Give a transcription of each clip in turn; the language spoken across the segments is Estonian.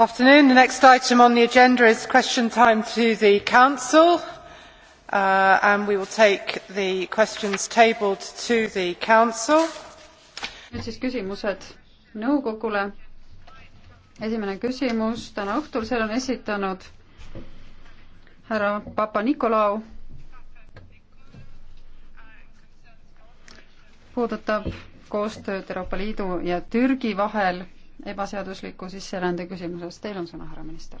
afternoon. The next item on the agenda is question time to the Council. Uh, and we will take the questions tabled to the Council. nüüd siis küsimused nõukogule. esimene küsimus täna õhtul, selle on esitanud härra Papa-Nikolau. puudutab koostööd Euroopa Liidu ja Türgi vahel ebaseadusliku sisserände küsimuses. Teil on sõna, härra minister.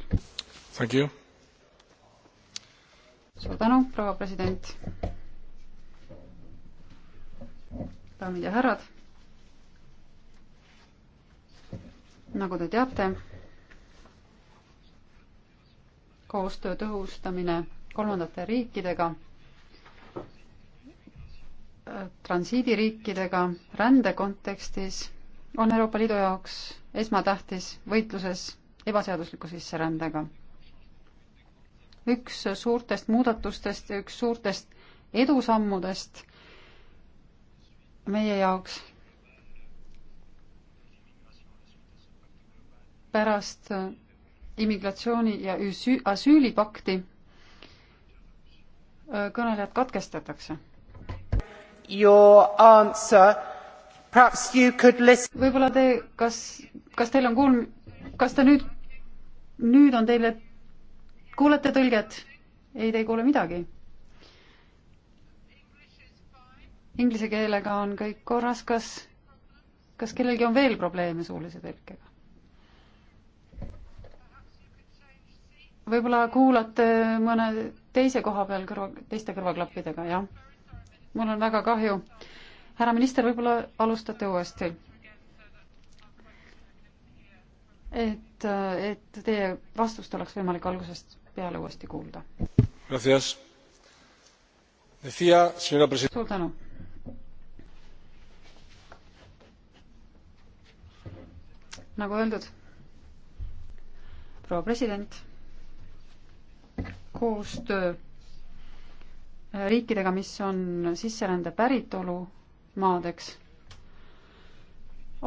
suur tänu, proua president. daamid ja härrad. nagu te teate, koostöö tõhustamine kolmandate riikidega transiidiriikidega rände kontekstis on Euroopa Liidu jaoks esmatähtis võitluses ebaseadusliku sisserändega. üks suurtest muudatustest ja üks suurtest edusammudest meie jaoks pärast immigratsiooni ja asüülipakti äh, kõnelejad katkestatakse. Your answer, perhaps you could listen. võib-olla te, kas kas teil on kuul-, kas te nüüd, nüüd on teile, kuulete tõlget? ei, te ei kuule midagi. Inglise keelega on kõik korras, kas, kas kellelgi on veel probleeme suulise tõlkega? võib-olla kuulate mõne teise koha peal kõrva, teiste kõrvaklappidega, jah? mul on väga kahju. härra minister, võib-olla alustate uuesti? et, et teie vastust oleks võimalik algusest peale uuesti kuulda. suur tänu. nagu öeldud, proua president, koostöö riikidega, mis on sisserände päritolumaadeks,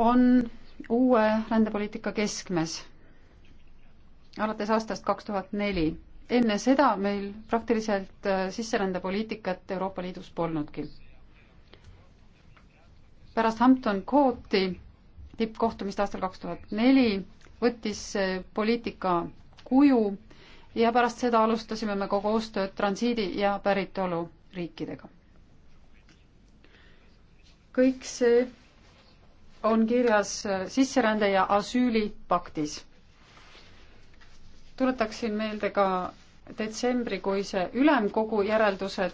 on uue rändepoliitika keskmes alates aastast kaks tuhat neli. enne seda meil praktiliselt äh, sisserändepoliitikat Euroopa Liidus polnudki. pärast Hampton Courti tippkohtumist aastal kaks tuhat neli võttis poliitika kuju ja pärast seda alustasime me ka koostööd transiidi ja päritoluriikidega. kõik see on kirjas äh, sisserände ja asüüli paktis. tuletaksin meelde ka detsembrikuise ülemkogu järeldused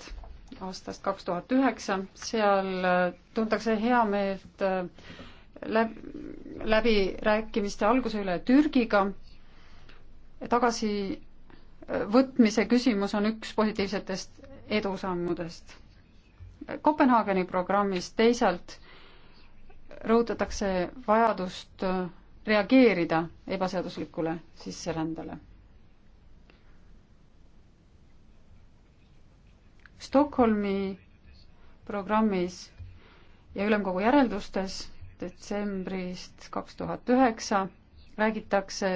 aastast kaks tuhat üheksa, seal äh, tuntakse heameelt äh, läb-, läbirääkimiste alguse üle Türgiga, tagasivõtmise küsimus on üks positiivsetest edusammudest. Kopenhaageni programmis teisalt rõhutatakse vajadust äh, reageerida ebaseaduslikule sisserändele. Stockholmi programmis ja ülemkogu järeldustes detsembrist kaks tuhat üheksa räägitakse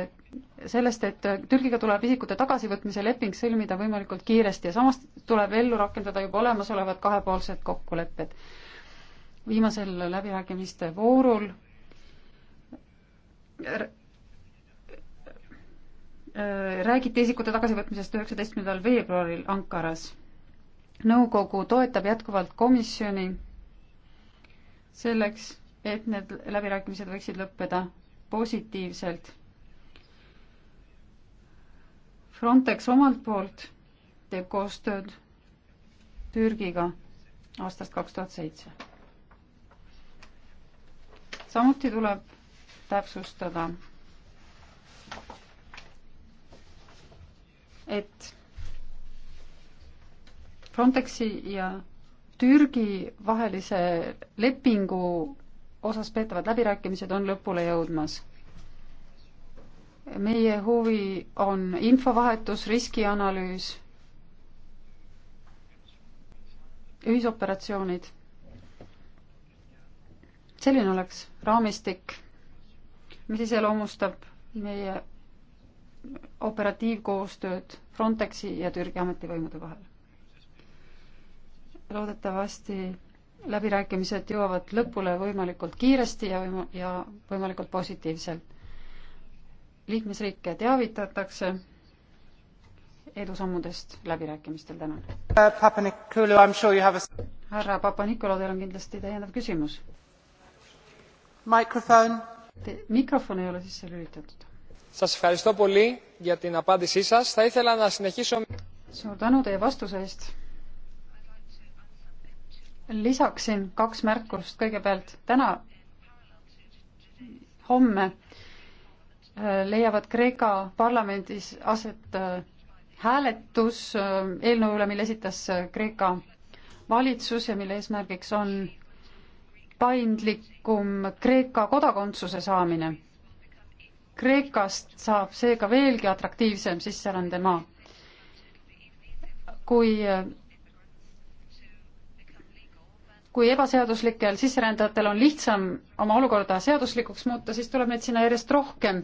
sellest, et äh, Türgiga tuleb isikute tagasivõtmise leping sõlmida võimalikult kiiresti ja samas tuleb ellu rakendada juba olemasolevad kahepoolsed kokkulepped viimasel läbirääkimiste voorul äh, räägiti isikute tagasivõtmisest üheksateistkümnendal veebruaril Ankaras. nõukogu toetab jätkuvalt komisjoni selleks, et need läbirääkimised võiksid lõppeda positiivselt. Frontex omalt poolt teeb koostööd Türgiga aastast kaks tuhat seitse samuti tuleb täpsustada, et Frontexi ja Türgi vahelise lepingu osas peetavad läbirääkimised on lõpule jõudmas. meie huvi on infovahetus, riskianalüüs, ühisoperatsioonid selline oleks raamistik, mis iseloomustab meie operatiivkoostööd Frontexi ja Türgi ametivõimude vahel. loodetavasti läbirääkimised jõuavad lõpule võimalikult kiiresti ja võima-, ja võimalikult positiivselt. liikmesriike teavitatakse edusammudest läbirääkimistel täna. Äh, härra Papa-Nikolo, teil on kindlasti täiendav küsimus mikrofon. mikrofon ei ole sisse lülitatud. Σας ευχαριστώ πολύ για την απάντησή σας. Θα ήθελα να συνεχίσω... Suur tänu teie vastuse eest. Lisaksin kaks märkust kõigepealt. Täna homme äh, leiavad Kreeka parlamendis aset äh, hääletus äh, eelnõu üle, mille esitas Kreeka valitsus ja mille eesmärgiks on paindlikum Kreeka kodakondsuse saamine. Kreekast saab seega veelgi atraktiivsem sisserändemaa. kui kui ebaseaduslikel sisserändajatel on lihtsam oma olukorda seaduslikuks muuta, siis tuleb neid sinna järjest rohkem.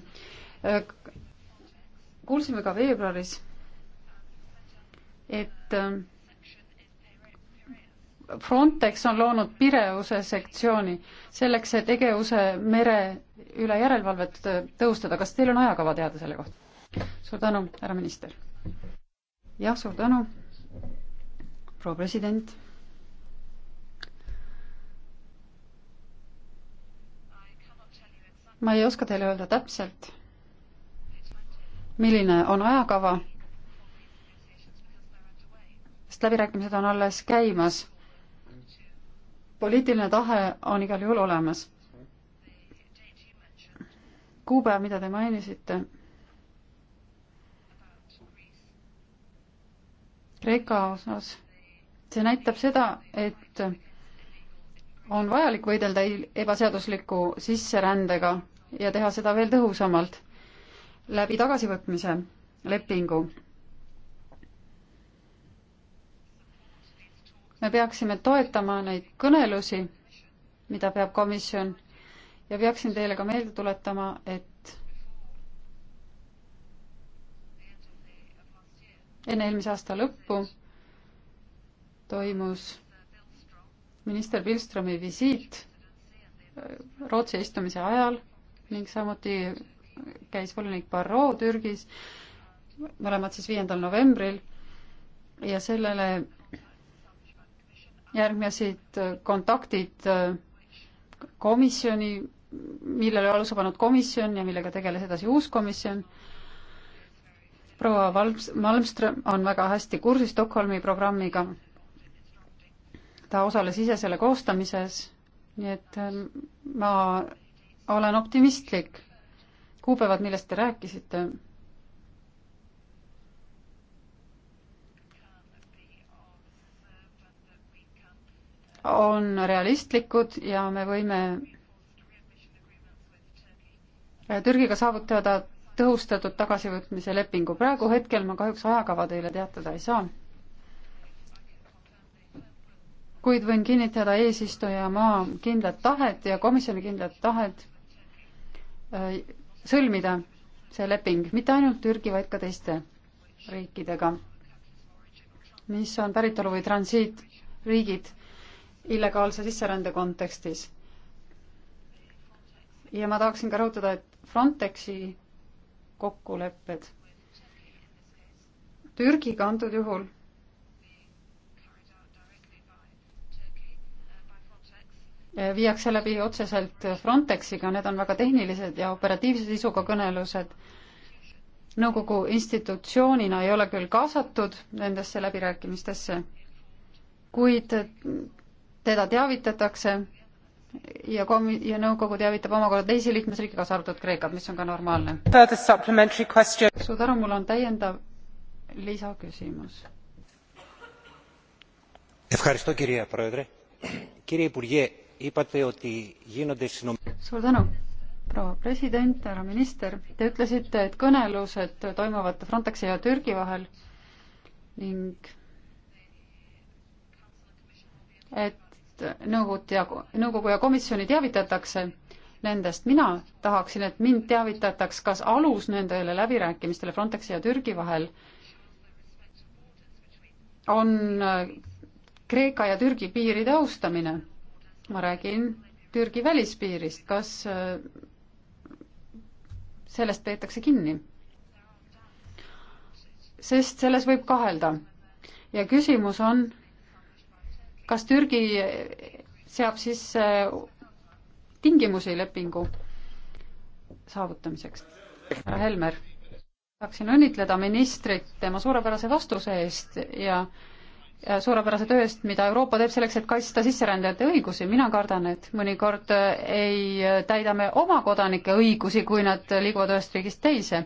kuulsime ka veebruaris, et Frontex on loonud Pireuse sektsiooni selleks, et Egeuse mere üle järelevalvet äh, tõhustada. kas teil on ajakava teada selle kohta? suur tänu, härra minister. jah, suur tänu, proua president. ma ei oska teile öelda täpselt, milline on ajakava, sest läbirääkimised on alles käimas poliitiline tahe on igal juhul olemas. kuupäev, mida te mainisite. Kreeka osas, see näitab seda, et on vajalik võidelda ebaseadusliku sisserändega ja teha seda veel tõhusamalt läbi tagasivõtmise lepingu me peaksime toetama neid kõnelusi, mida peab komisjon ja peaksin teile ka meelde tuletama, et enne eelmise aasta lõppu toimus minister Pilstromi visiit äh, Rootsi istumise ajal ning samuti käis volinik Barrot Türgis, mõlemad siis viiendal novembril ja sellele järgnesid äh, kontaktid äh, komisjoni, millele aluse pannud komisjon ja millega tegeles edasi uus komisjon. proua Valms-, Malmström on väga hästi kursis Stockholmi programmiga. ta osales ise selle koostamises, nii et äh, ma olen optimistlik. kuupäevad, millest te rääkisite on realistlikud ja me võime äh, Türgiga saavutada tõhustatud tagasivõtmise lepingu. praegu hetkel ma kahjuks ajakava teile teatada ei saa. kuid võin kinnitada eesistuja maa kindlat tahet ja komisjoni kindlat tahet äh, sõlmida see leping mitte ainult Türgi, vaid ka teiste riikidega, mis on päritolu- või transiitriigid illegaalse sisserände kontekstis. ja ma tahaksin ka rõhutada, et Frontexi kokkulepped Türgiga antud juhul viiakse läbi otseselt Frontexiga, need on väga tehnilised ja operatiivse sisuga kõnelused. nõukogu institutsioonina ei ole küll kaasatud nendesse läbirääkimistesse, kuid teda teavitatakse ja komi- ja nõukogu teavitab omakorda teisi liikmesriike, kaasa arvatud Kreekat, mis on ka normaalne. suur tänu, mul on täiendav lisaküsimus. suur tänu, proua president, härra minister, te ütlesite, et kõnelused toimuvad Frontexi ja Türgi vahel ning et nõukogud ja, nõukogu ja komisjoni teavitatakse nendest, mina tahaksin, et mind teavitataks, kas alus nendele läbirääkimistele Frontexi ja Türgi vahel on äh, Kreeka ja Türgi piiride austamine. ma räägin Türgi välispiirist, kas äh, sellest peetakse kinni? sest selles võib kahelda. ja küsimus on, kas Türgi seab sisse äh, tingimusi lepingu saavutamiseks? härra Helmer, tahaksin õnnitleda ministrit tema suurepärase vastuse eest ja suurepärase töö eest, mida Euroopa teeb selleks, et kaitsta sisserändajate õigusi, mina kardan, et mõnikord ei täida me oma kodanike õigusi, kui nad liiguvad ühest riigist teise.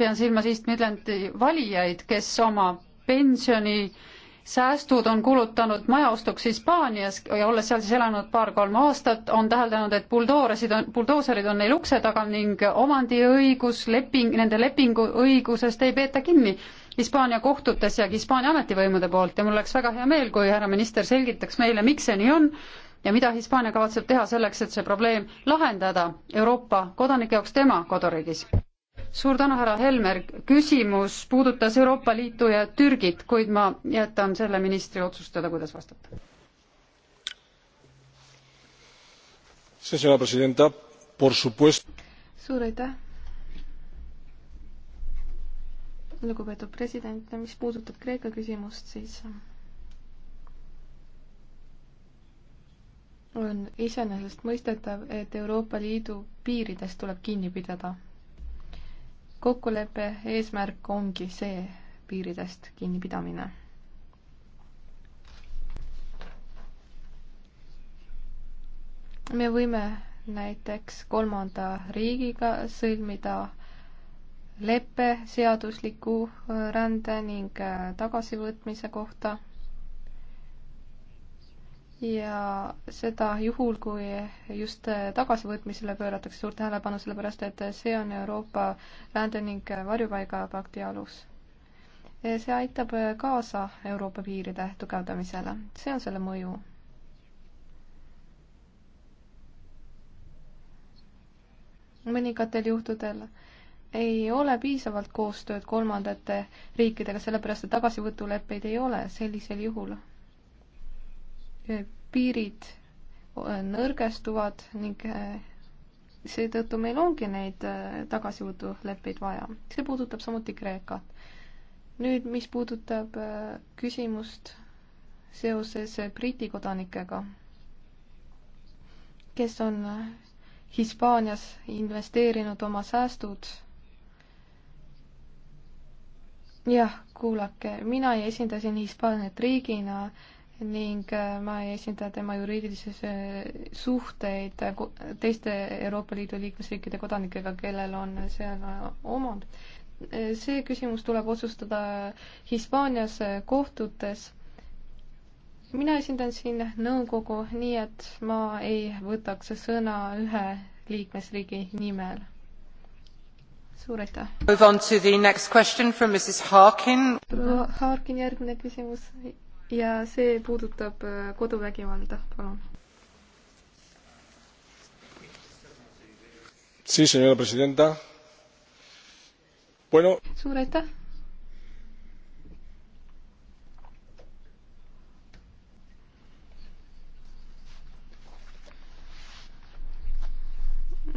pean silmas East Midlandi valijaid, kes oma pensioni äh, säästud on kulutanud majaostuks Hispaanias ja olles seal siis elanud paar-kolm aastat, on täheldanud, et buldooresid on, buldooserid on neil ukse taga ning omandiõigus, leping, nende lepingu õigusest ei peeta kinni Hispaania kohtutes ja Hispaania ametivõimude poolt ja mul oleks väga hea meel, kui härra minister selgitaks meile, miks see nii on ja mida Hispaania kavatseb teha selleks, et see probleem lahendada Euroopa kodanike jaoks tema koduriigis suur tänu, härra Helmer, küsimus puudutas Euroopa Liitu ja Türgit, kuid ma jätan selle ministri otsustada, kuidas vastata. suur aitäh. lugupeetud president, mis puudutab Kreeka küsimust, siis äh, on iseenesestmõistetav, et Euroopa Liidu piiridest tuleb kinni pidada kokkuleppe eesmärk ongi see piiridest kinnipidamine. me võime näiteks kolmanda riigiga sõlmida leppe seadusliku rände ning tagasivõtmise kohta ja seda juhul, kui just tagasivõtmisele pööratakse suurt tähelepanu, sellepärast et see on Euroopa rände- ning varjupaigapakti alus. see aitab kaasa Euroopa piiride tugevdamisele, see on selle mõju. mõningatel juhtudel ei ole piisavalt koostööd kolmandate riikidega, sellepärast et tagasivõtuleppeid ei ole sellisel juhul piirid eh, nõrgestuvad ning eh, seetõttu meil ongi neid eh, tagasijõuduleppeid vaja. see puudutab samuti Kreekat. nüüd, mis puudutab küsimust seoses Briti kodanikega, kes on Hispaanias investeerinud oma säästud. jah, kuulake, mina esindasin Hispaaniat riigina, ning äh, ma ei esinda tema juriidilises äh, suhteid äh, teiste Euroopa Liidu liikmesriikide kodanikega, kellel on seal omand. see küsimus tuleb otsustada Hispaanias kohtutes. mina esindan siin nõukogu, nii et ma ei võtaks sõna ühe liikmesriigi nimel. suur aitäh! proua Harkin, järgmine küsimus ja see puudutab äh, koduvägivalda, palun. Bueno. suur aitäh.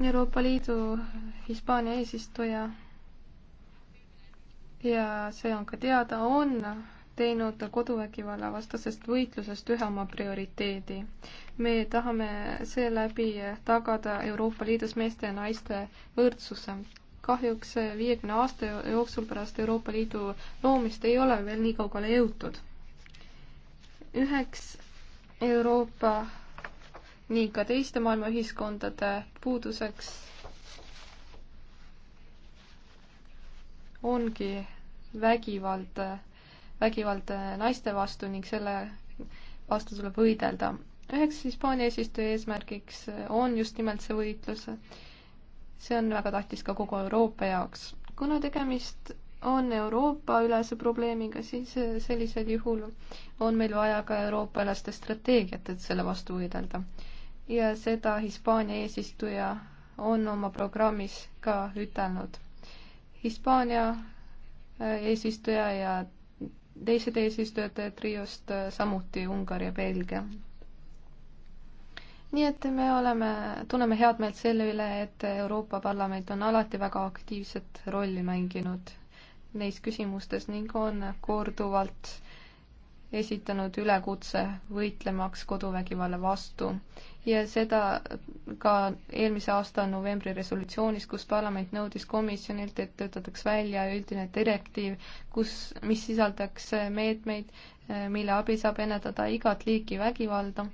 Euroopa Liidu Hispaania eesistuja ja see on ka teada, on teinud koduvägivalla vastasest võitlusest ühe oma prioriteedi. me tahame seeläbi tagada Euroopa Liidus meeste ja naiste võrdsuse. kahjuks viiekümne aasta jooksul pärast Euroopa Liidu loomist ei ole veel nii kaugele jõutud. üheks Euroopa nii ka teiste maailma ühiskondade puuduseks ongi vägivald vägivald äh, naiste vastu ning selle vastu tuleb võidelda. üheks Hispaania eesistuja eesmärgiks äh, on just nimelt see võitlus. see on väga tähtis ka kogu Euroopa jaoks. kuna tegemist on Euroopa-ülese probleemiga, siis äh, sellisel juhul on meil vaja ka Euroopa-üleste strateegiat, et selle vastu võidelda. ja seda Hispaania eesistuja on oma programmis ka ütelnud. Hispaania eesistuja ja teised eesistujad triost äh, samuti Ungari ja Belgia. nii et me oleme, tunneme head meelt selle üle, et Euroopa Parlament on alati väga aktiivset rolli mänginud neis küsimustes ning on korduvalt äh, esitanud ülekutse võitlemaks koduvägivalla vastu ja seda ka eelmise aasta novembri resolutsioonis, kus parlament nõudis komisjonilt, et töötataks välja üldine direktiiv, kus, mis sisaldaks meetmeid, mille abil saab ennetada igat liiki vägivalda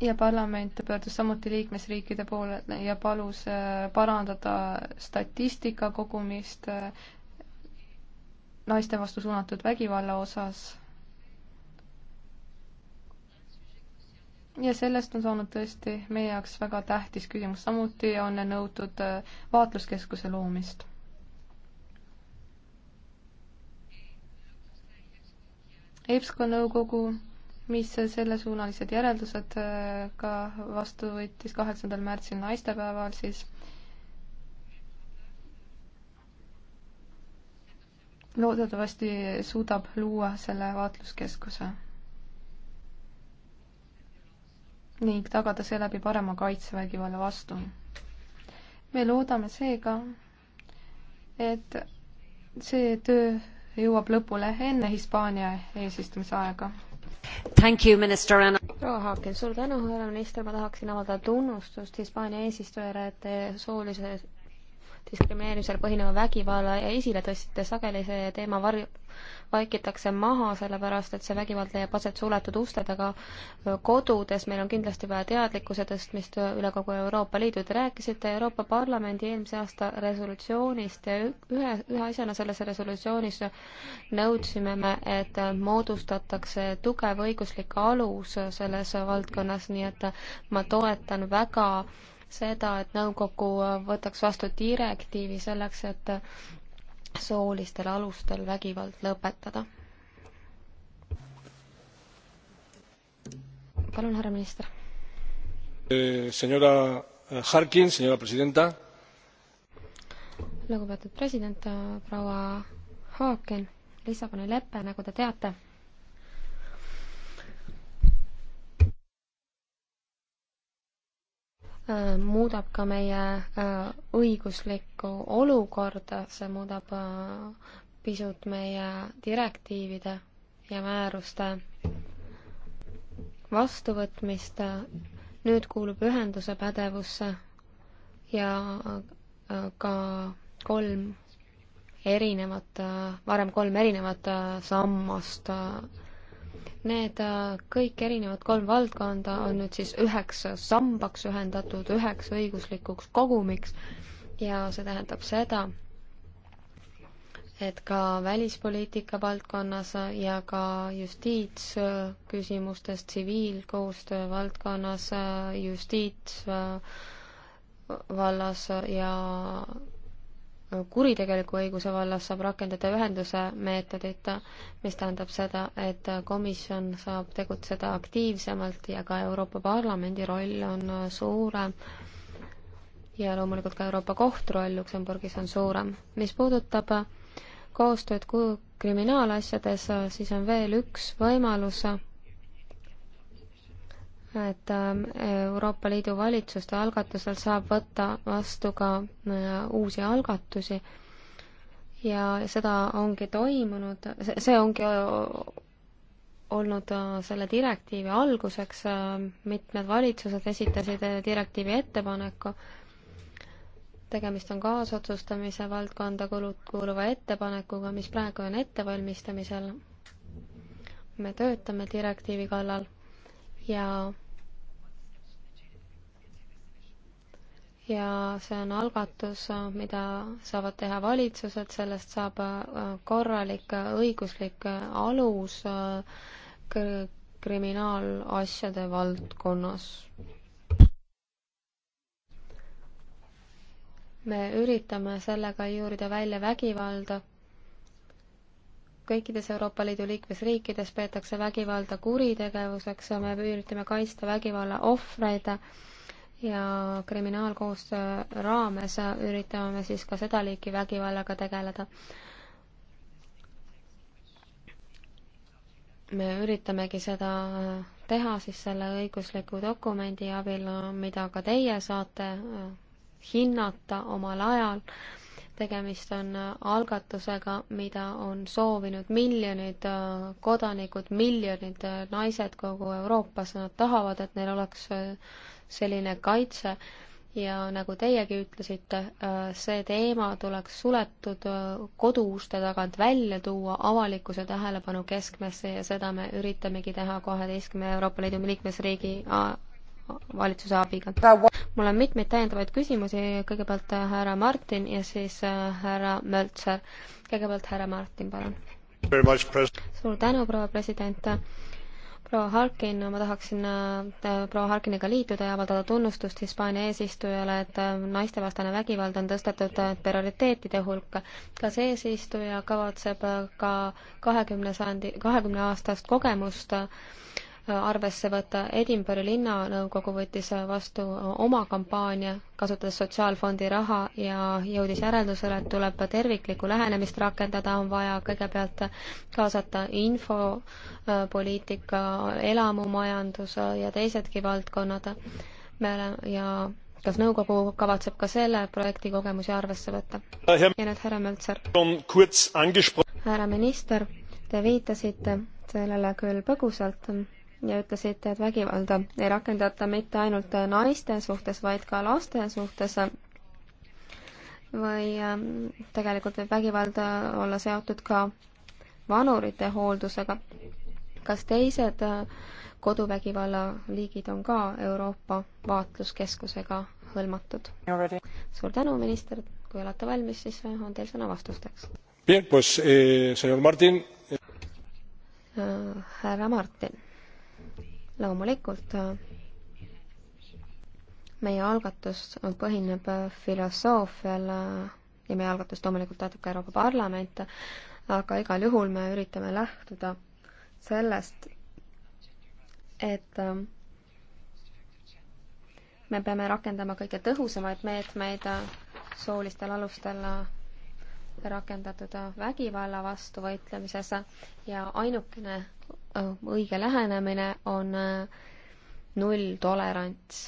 ja parlament pöördus samuti liikmesriikide poole ja palus äh, parandada statistika kogumist äh, naiste vastu suunatud vägivalla osas ja sellest on saanud tõesti meie jaoks väga tähtis küsimus, samuti on nõutud äh, vaatluskeskuse loomist. EBSCO nõukogu, mis sellesuunalised järeldused äh, ka vastu võttis kaheksandal märtsil naistepäeval, siis loodetavasti suudab luua selle vaatluskeskuse ning tagada seeläbi parema kaitse vägivalla vastu. me loodame seega, et see töö jõuab lõpule enne Hispaania eesistumise aega. Thank you, minister Anna. proua Haaken, suur tänu, härra minister, ma tahaksin avaldada tunnustust Hispaania eesistujale, et te soolise diskrimineerimisel põhineva vägivalla esile tõstsite, sageli see teema var-, vaikitakse maha, sellepärast et see vägivald leiab aset suletud uste taga kodudes, meil on kindlasti vaja teadlikkuse tõstmist üle kogu Euroopa Liidu. Te rääkisite Euroopa Parlamendi eelmise aasta resolutsioonist ja ühe, ühe asjana selles resolutsioonis nõudsime me, et moodustatakse tugev õiguslik alus selles valdkonnas, nii et ma toetan väga seda, et nõukogu võtaks vastu direktiivi selleks, et soolistel alustel vägivald lõpetada. palun, härra minister eh,. Senora Harkin, senora presidenta. lugupeetud president, proua Haaken, Lissaboni lepe, nagu te teate Äh, muudab ka meie äh, õiguslikku olukorda, see muudab äh, pisut meie direktiivide ja määruste vastuvõtmist. nüüd kuulub ühenduse pädevusse ja ka kolm erinevat, varem kolm erinevat sammast Need äh, kõik erinevad kolm valdkonda on nüüd siis üheks sambaks ühendatud, üheks õiguslikuks kogumiks ja see tähendab seda, et ka välispoliitika valdkonnas ja ka justiitsküsimustes, tsiviilkoostöö valdkonnas, justiits vallas ja kuritegeliku õiguse vallas saab rakendada ühenduse meetodit, mis tähendab seda, et komisjon saab tegutseda aktiivsemalt ja ka Euroopa Parlamendi roll on suurem ja loomulikult ka Euroopa Kohtu roll Luksemburgis on suurem. mis puudutab koostööd kriminaalasjades, siis on veel üks võimalus et äh, Euroopa Liidu valitsuste algatusel saab võtta vastu ka äh, uusi algatusi ja seda ongi toimunud, see ongi äh, olnud selle direktiivi alguseks, mitmed valitsused esitasid direktiivi ettepaneku, tegemist on kaasotsustamise valdkonda kuuluva ettepanekuga, mis praegu on ettevalmistamisel. me töötame direktiivi kallal ja ja see on algatus, mida saavad teha valitsused, sellest saab äh, korralik äh, õiguslik äh, alus kriminaalasjade valdkonnas. me üritame sellega juurida välja vägivalda. kõikides Euroopa Liidu liikmesriikides peetakse vägivalda kuritegevuseks ja me üritame kaitsta vägivalla ohvreid ja kriminaalkoostöö raames üritame me siis ka seda liiki vägivallaga tegeleda. me üritamegi seda teha siis selle õigusliku dokumendi abil, mida ka teie saate hinnata omal ajal tegemist on äh, algatusega, mida on soovinud miljonid äh, kodanikud, miljonid äh, naised kogu Euroopas, nad tahavad, et neil oleks selline kaitse ja nagu teiegi ütlesite, see teema tuleks suletud koduuste tagant välja tuua, avalikkuse tähelepanu keskmesse ja seda me üritamegi teha kaheteistkümne Euroopa Liidu liikmesriigi valitsuse abiga. mul on mitmeid täiendavaid küsimusi, kõigepealt äh, härra Martin ja siis äh, härra Möltser. kõigepealt härra Martin, palun. suur tänu, proua president. proua Harkin, ma tahaksin äh, proua Harkiniga liituda ja avaldada tunnustust Hispaania eesistujale, et naistevastane vägivald on tõstetud prioriteetide hulka. kas eesistuja kavatseb ka kahekümne sajandi, kahekümne aastast kogemust arvesse võtta. Edinburgh linnanõukogu võttis vastu oma kampaania, kasutades sotsiaalfondi raha ja jõudis järeldusele, et tuleb terviklikku lähenemist rakendada, on vaja kõigepealt kaasata infopoliitika, äh, elamumajandus ja teisedki valdkonnad. me oleme ja kas nõukogu kavatseb ka selle projekti kogemusi arvesse võtta? Äh, ja nüüd härra Möltser. härra minister, te viitasite sellele küll põgusalt ja ütlesite, et vägivalda ei rakendata mitte ainult naiste suhtes, vaid ka laste suhtes. või ähm, tegelikult võib vägivalda olla seotud ka vanurite hooldusega. kas teised äh, koduvägivalla liigid on ka Euroopa vaatluskeskusega hõlmatud? suur tänu, minister, kui olete valmis, siis äh, on teil sõna vastusteks. Bien, pues eh, señor Martin. Äh, härra Martin loomulikult äh, meie algatus põhineb äh, filosoofial äh, ja meie algatust loomulikult toetab ka Euroopa Parlament, aga igal juhul me üritame lähtuda sellest, et me peame rakendama kõige tõhusamaid meetmeid soolistel alustel rakendatud vägivalla vastu võitlemises ja ainukene Äh, õige lähenemine on äh, nulltolerants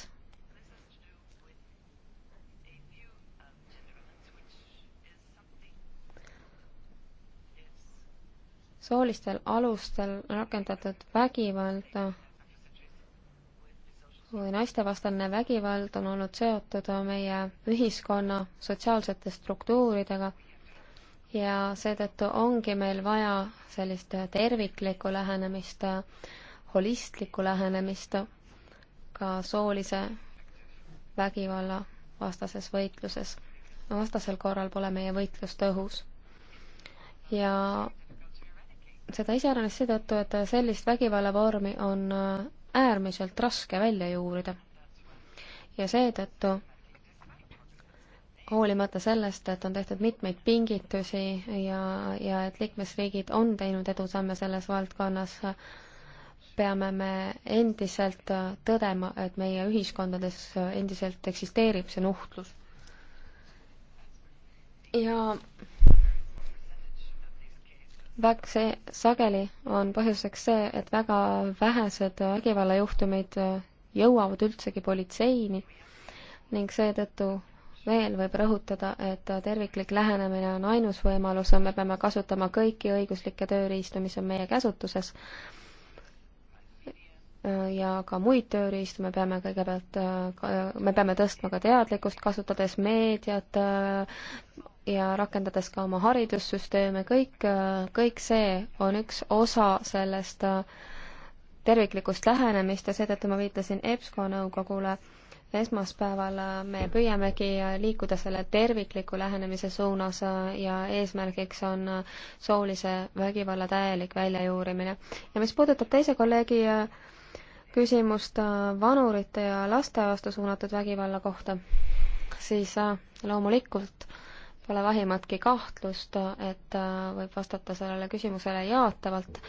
soolistel alustel rakendatud vägivalda või naistevastane vägivald on olnud seotud meie ühiskonna sotsiaalsete struktuuridega ja seetõttu ongi meil vaja sellist terviklikku lähenemist, holistlikku lähenemist ka soolise vägivalla vastases võitluses. vastasel korral pole meie võitlus tõhus. ja seda iseäranis seetõttu, et sellist vägivallavormi on äärmiselt raske välja juurida. ja seetõttu hoolimata sellest, et on tehtud mitmeid pingitusi ja, ja et liikmesriigid on teinud edusamme selles valdkonnas, peame me endiselt tõdema, et meie ühiskondades endiselt eksisteerib see nuhtlus. ja väga see, sageli on põhjuseks see, et väga vähesed vägivallajuhtumid jõuavad üldsegi politseini ning seetõttu veel võib rõhutada, et terviklik lähenemine on ainus võimalus, me peame kasutama kõiki õiguslikke tööriistu, mis on meie käsutuses, ja ka muid tööriistu, me peame kõigepealt, me peame tõstma ka teadlikkust, kasutades meediat ja rakendades ka oma haridussüsteeme, kõik, kõik see on üks osa sellest terviklikust lähenemist ja seetõttu ma viitasin EBSCO nõukogule esmaspäeval äh, me püüamegi äh, liikuda selle tervikliku lähenemise suunas äh, ja eesmärgiks on soolise vägivalla täielik väljajuurimine. ja mis puudutab teise kolleegi küsimust vanurite ja laste vastu suunatud vägivalla kohta, siis loomulikult pole vähimatki kahtlust, et võib vastata sellele küsimusele jaatavalt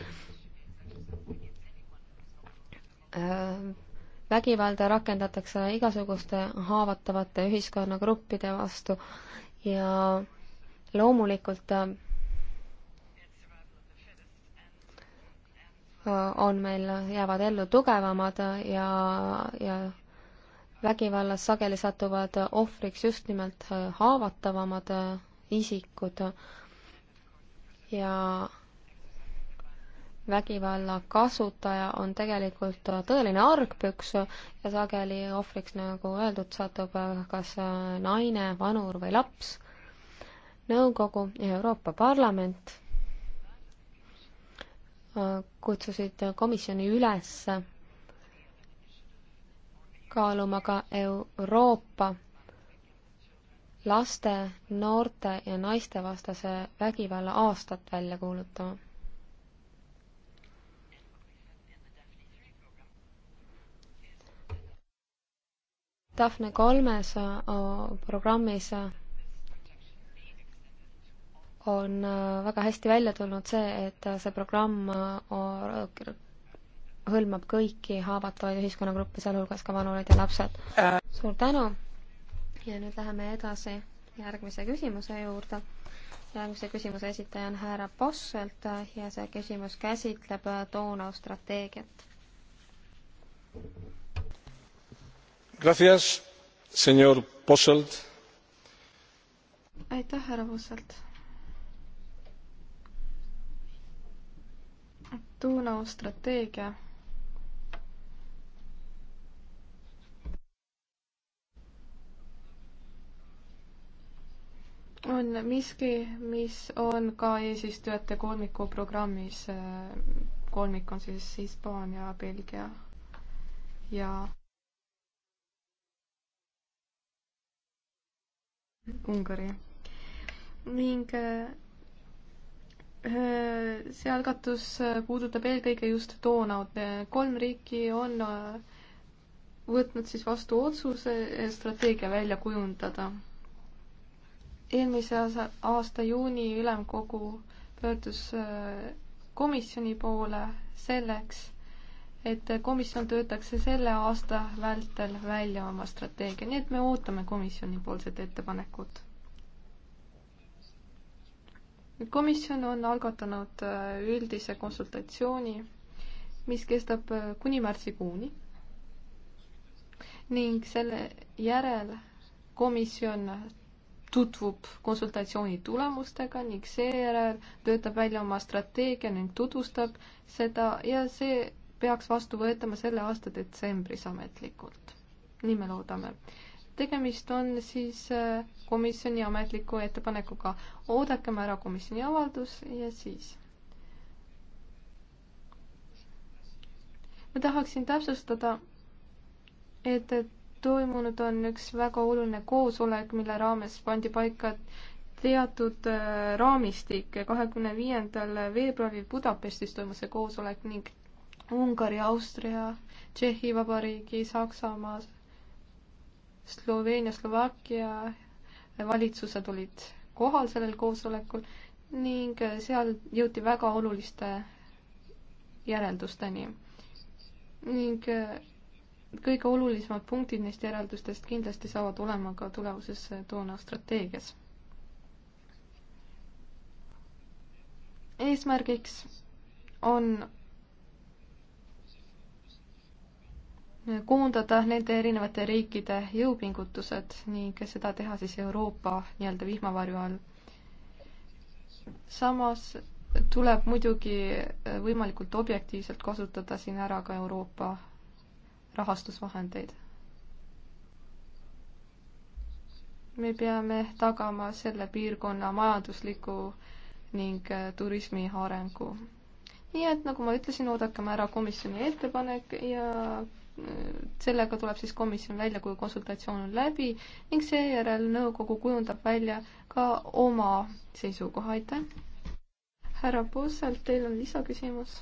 vägivalda rakendatakse igasuguste haavatavate ühiskonnagruppide vastu ja loomulikult äh, on meil, jäävad ellu tugevamad ja, ja vägivallas sageli satuvad ohvriks just nimelt äh, haavatavamad äh, isikud ja vägivalla kasutaja on tegelikult tõeline argpüks ja sageli ohvriks, nagu öeldud, satub kas naine, vanur või laps. nõukogu ja Euroopa Parlament äh, kutsusid komisjoni üles kaaluma ka Euroopa laste, noorte ja naistevastase vägivalla aastat välja kuulutama Daphne kolmes äh, programmis äh, on äh, väga hästi välja tulnud see, et see programm hõlmab kõiki haavatavaid ühiskonnagruppe, sealhulgas ka vanurid ja lapsed. suur tänu ja nüüd läheme edasi järgmise küsimuse juurde. järgmise küsimuse esitaja on härra Posselt ja see küsimus käsitleb Donau strateegiat aitäh härra posselt! donau strateegia on miski, mis on ka eesistujate kolmiku programmis. kolmik on siis Hispaania, Belgia ja Ungari. ning äh, äh, see algatus äh, puudutab eelkõige just Donaut. kolm riiki on võtnud siis vastu otsuse strateegia välja kujundada. eelmise aasta juuni ülemkogu pöördus komisjoni poole selleks, et komisjon töötakse selle aasta vältel välja oma strateegia, nii et me ootame komisjoni poolset ettepanekut. komisjon on algatanud äh, üldise konsultatsiooni, mis kestab äh, kuni märtsikuuni ning selle järel komisjon tutvub konsultatsiooni tulemustega ning seejärel töötab välja oma strateegia ning tutvustab seda ja see peaks vastu võetama selle aasta detsembris ametlikult. nii me loodame. tegemist on siis äh, komisjoni ametliku ettepanekuga. oodakem ära komisjoni avaldus ja siis. ma tahaksin täpsustada, et, et toimunud on üks väga oluline koosolek, mille raames pandi paika teatud äh, raamistik. kahekümne viiendal veebruaril Budapestis toimus see koosolek ning Ungari, Austria, Tšehhi Vabariigi, Saksamaa, Sloveenia, Slovakkia valitsused olid kohal sellel koosolekul ning seal jõuti väga oluliste järeldusteni. ning äh, kõige olulisemad punktid neist järeldustest kindlasti saavad olema ka tulevases äh, toona strateegias. eesmärgiks on koondada nende erinevate riikide jõupingutused ning seda teha siis Euroopa nii-öelda vihmavarju all. samas tuleb muidugi äh, võimalikult objektiivselt kasutada siin ära ka Euroopa rahastusvahendeid. me peame tagama selle piirkonna majandusliku ning äh, turismi arengu. nii et nagu ma ütlesin, oodakem ära komisjoni ettepanek ja sellega tuleb siis komisjon välja, kui konsultatsioon on läbi ning seejärel nõukogu kujundab välja ka oma seisukoha, aitäh. härra Pussalt, teil on lisaküsimus.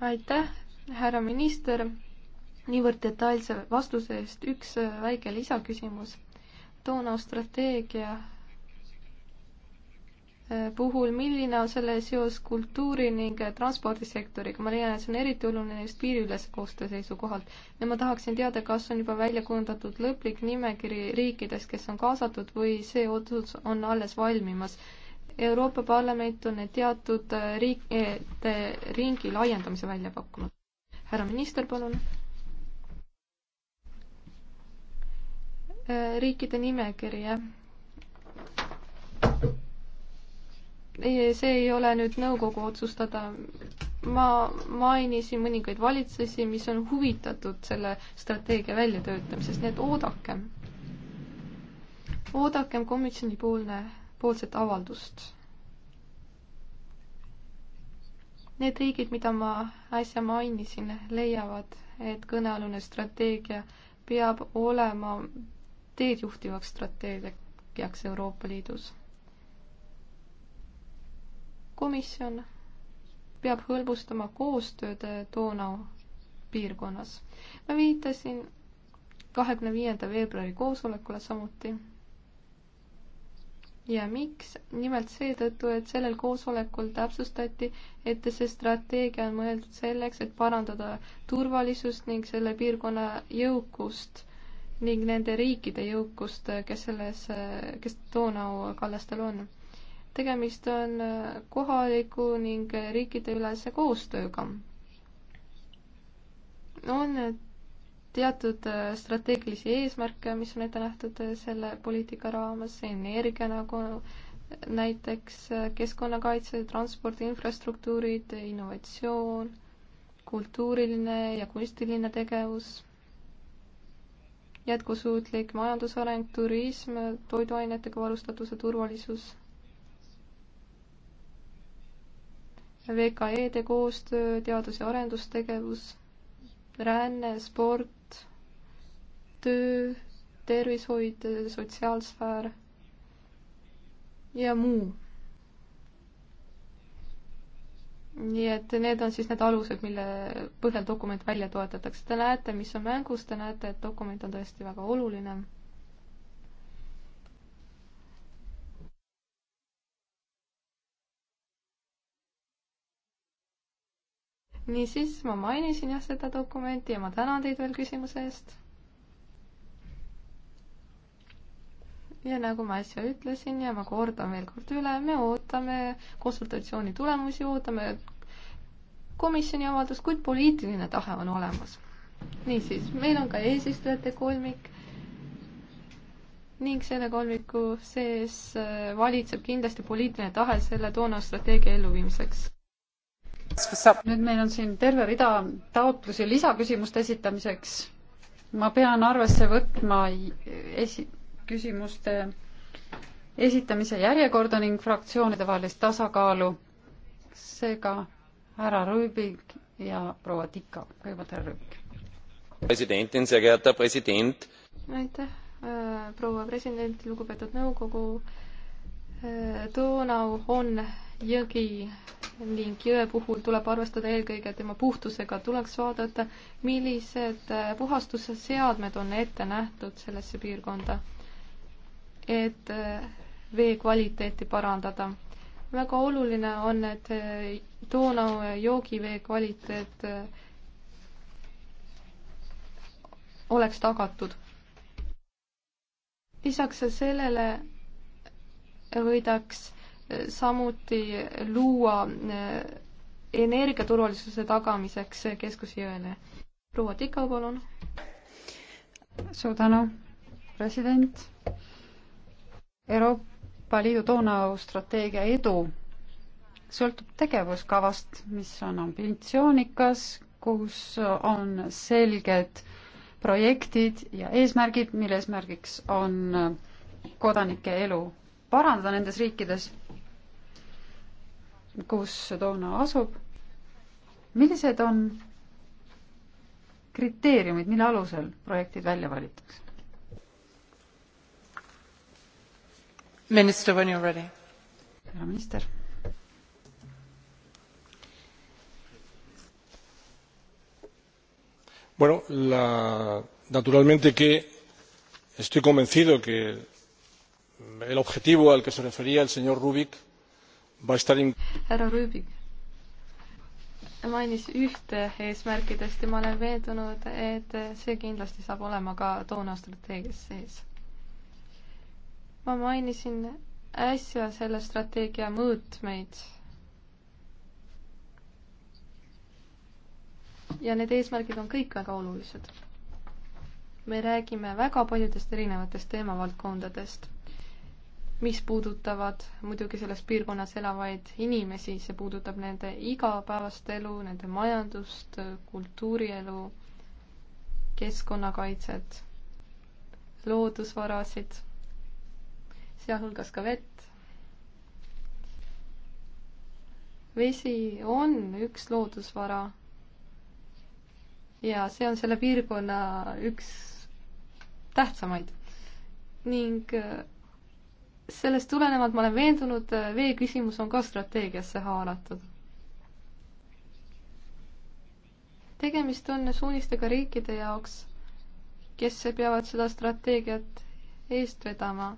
aitäh, härra minister, niivõrd detailse vastuse eest, üks väike lisaküsimus. toona strateegia puhul, milline on selle seos kultuuri ning transpordisektoriga, ma leian, et see on eriti oluline just piiriülese koostöö seisukohalt. ja ma tahaksin teada, kas on juba välja kujundatud lõplik nimekiri riikidest, kes on kaasatud või see otsus on alles valmimas. Euroopa Parlament on teatud äh, riikide ringi laiendamise välja pakkunud. härra minister, palun. Äh, riikide nimekiri, jah see ei ole nüüd nõukogu otsustada. ma mainisin mõningaid valitsusi, mis on huvitatud selle strateegia väljatöötamisest, nii et oodakem. oodakem komisjoni poolne, poolset avaldust. Need riigid, mida ma äsja mainisin, leiavad, et kõnealune strateegia peab olema teedjuhtivaks strateegiaks Euroopa Liidus komisjon peab hõlbustama koostööd Donau eh, piirkonnas. ma viitasin kahekümne viienda veebruari koosolekule samuti. ja miks? nimelt seetõttu, et sellel koosolekul täpsustati, et see strateegia on mõeldud selleks, et parandada turvalisust ning selle piirkonna jõukust ning nende riikide jõukust, kes selles, kes Donau kallastel on tegemist on äh, kohaliku ning riikideülese koostööga. on äh, teatud äh, strateegilisi eesmärke, mis on ette nähtud selle poliitika raames, energia nagu näiteks keskkonnakaitse, transpordi infrastruktuurid, innovatsioon, kultuuriline ja kunstiline tegevus, jätkusuutlik majandusareng, turism, toiduainetega varustatuse turvalisus VKE-de koostöö, teadus- ja arendustegevus, ränne, sport, töö, tervishoid, sotsiaalsfäär ja muu. nii et need on siis need alused, mille põhjal dokument välja toetatakse. Te näete, mis on mängus, te näete, et dokument on tõesti väga oluline niisiis, ma mainisin jah seda dokumenti ja ma tänan teid veel küsimuse eest. ja nagu ma äsja ütlesin ja ma kordan veel kord üle, me ootame konsultatsiooni tulemusi, ootame komisjoni avaldust, kuid poliitiline tahe on olemas. niisiis, meil on ka eesistujate kolmik ning selle kolmiku sees äh, valitseb kindlasti poliitiline tahe selle toona strateegia elluviimiseks nüüd meil on siin terve rida taotlusi lisaküsimuste esitamiseks. ma pean arvesse võtma esi-, küsimuste esitamise järjekorda ning fraktsioonide vahelist tasakaalu. seega härra Rüübik ja proua Tika, kõigepealt härra Rüübik. presidentin, see kätte president. aitäh, äh, proua president, lugupeetud nõukogu. Äh, Donau on jõgi ning jõe puhul tuleb arvestada eelkõige tema puhtusega, tuleks vaadata, millised äh, puhastusseadmed on ette nähtud sellesse piirkonda, et äh, vee kvaliteeti parandada. väga oluline on, et Donau äh, joogivee kvaliteet oleks tagatud. lisaks sellele võidaks samuti luua eh, energiaturvalisuse tagamiseks keskusjõele. proua Tikau, palun. suur tänu, president. Euroopa Liidu Donau strateegia edu sõltub tegevuskavast, mis on ambitsioonikas, kus on selged projektid ja eesmärgid, mille eesmärgiks on kodanike elu parandada nendes riikides kus toona asub. millised on kriteeriumid, mille alusel projektid välja valitakse? minister, when you are ready. härra minister. Bueno, la, naturalmente que estoy convencido que el objetivo al que se refería el señor Rubik härra Rüübik mainis ühte eesmärkidest ja ma olen veendunud, et see kindlasti saab olema ka toona strateegias sees. ma mainisin äsja selle strateegia mõõtmeid. ja need eesmärgid on kõik väga olulised. me räägime väga paljudest erinevatest teemavaldkondadest mis puudutavad muidugi selles piirkonnas elavaid inimesi, see puudutab nende igapäevast elu, nende majandust, kultuurielu, keskkonnakaitset, loodusvarasid, sealhulgas ka vett. vesi on üks loodusvara ja see on selle piirkonna üks tähtsamaid ning äh, sellest tulenevalt ma olen veendunud, vee küsimus on ka strateegiasse haaratud. tegemist on suunistega riikide jaoks, kes peavad seda strateegiat eest vedama.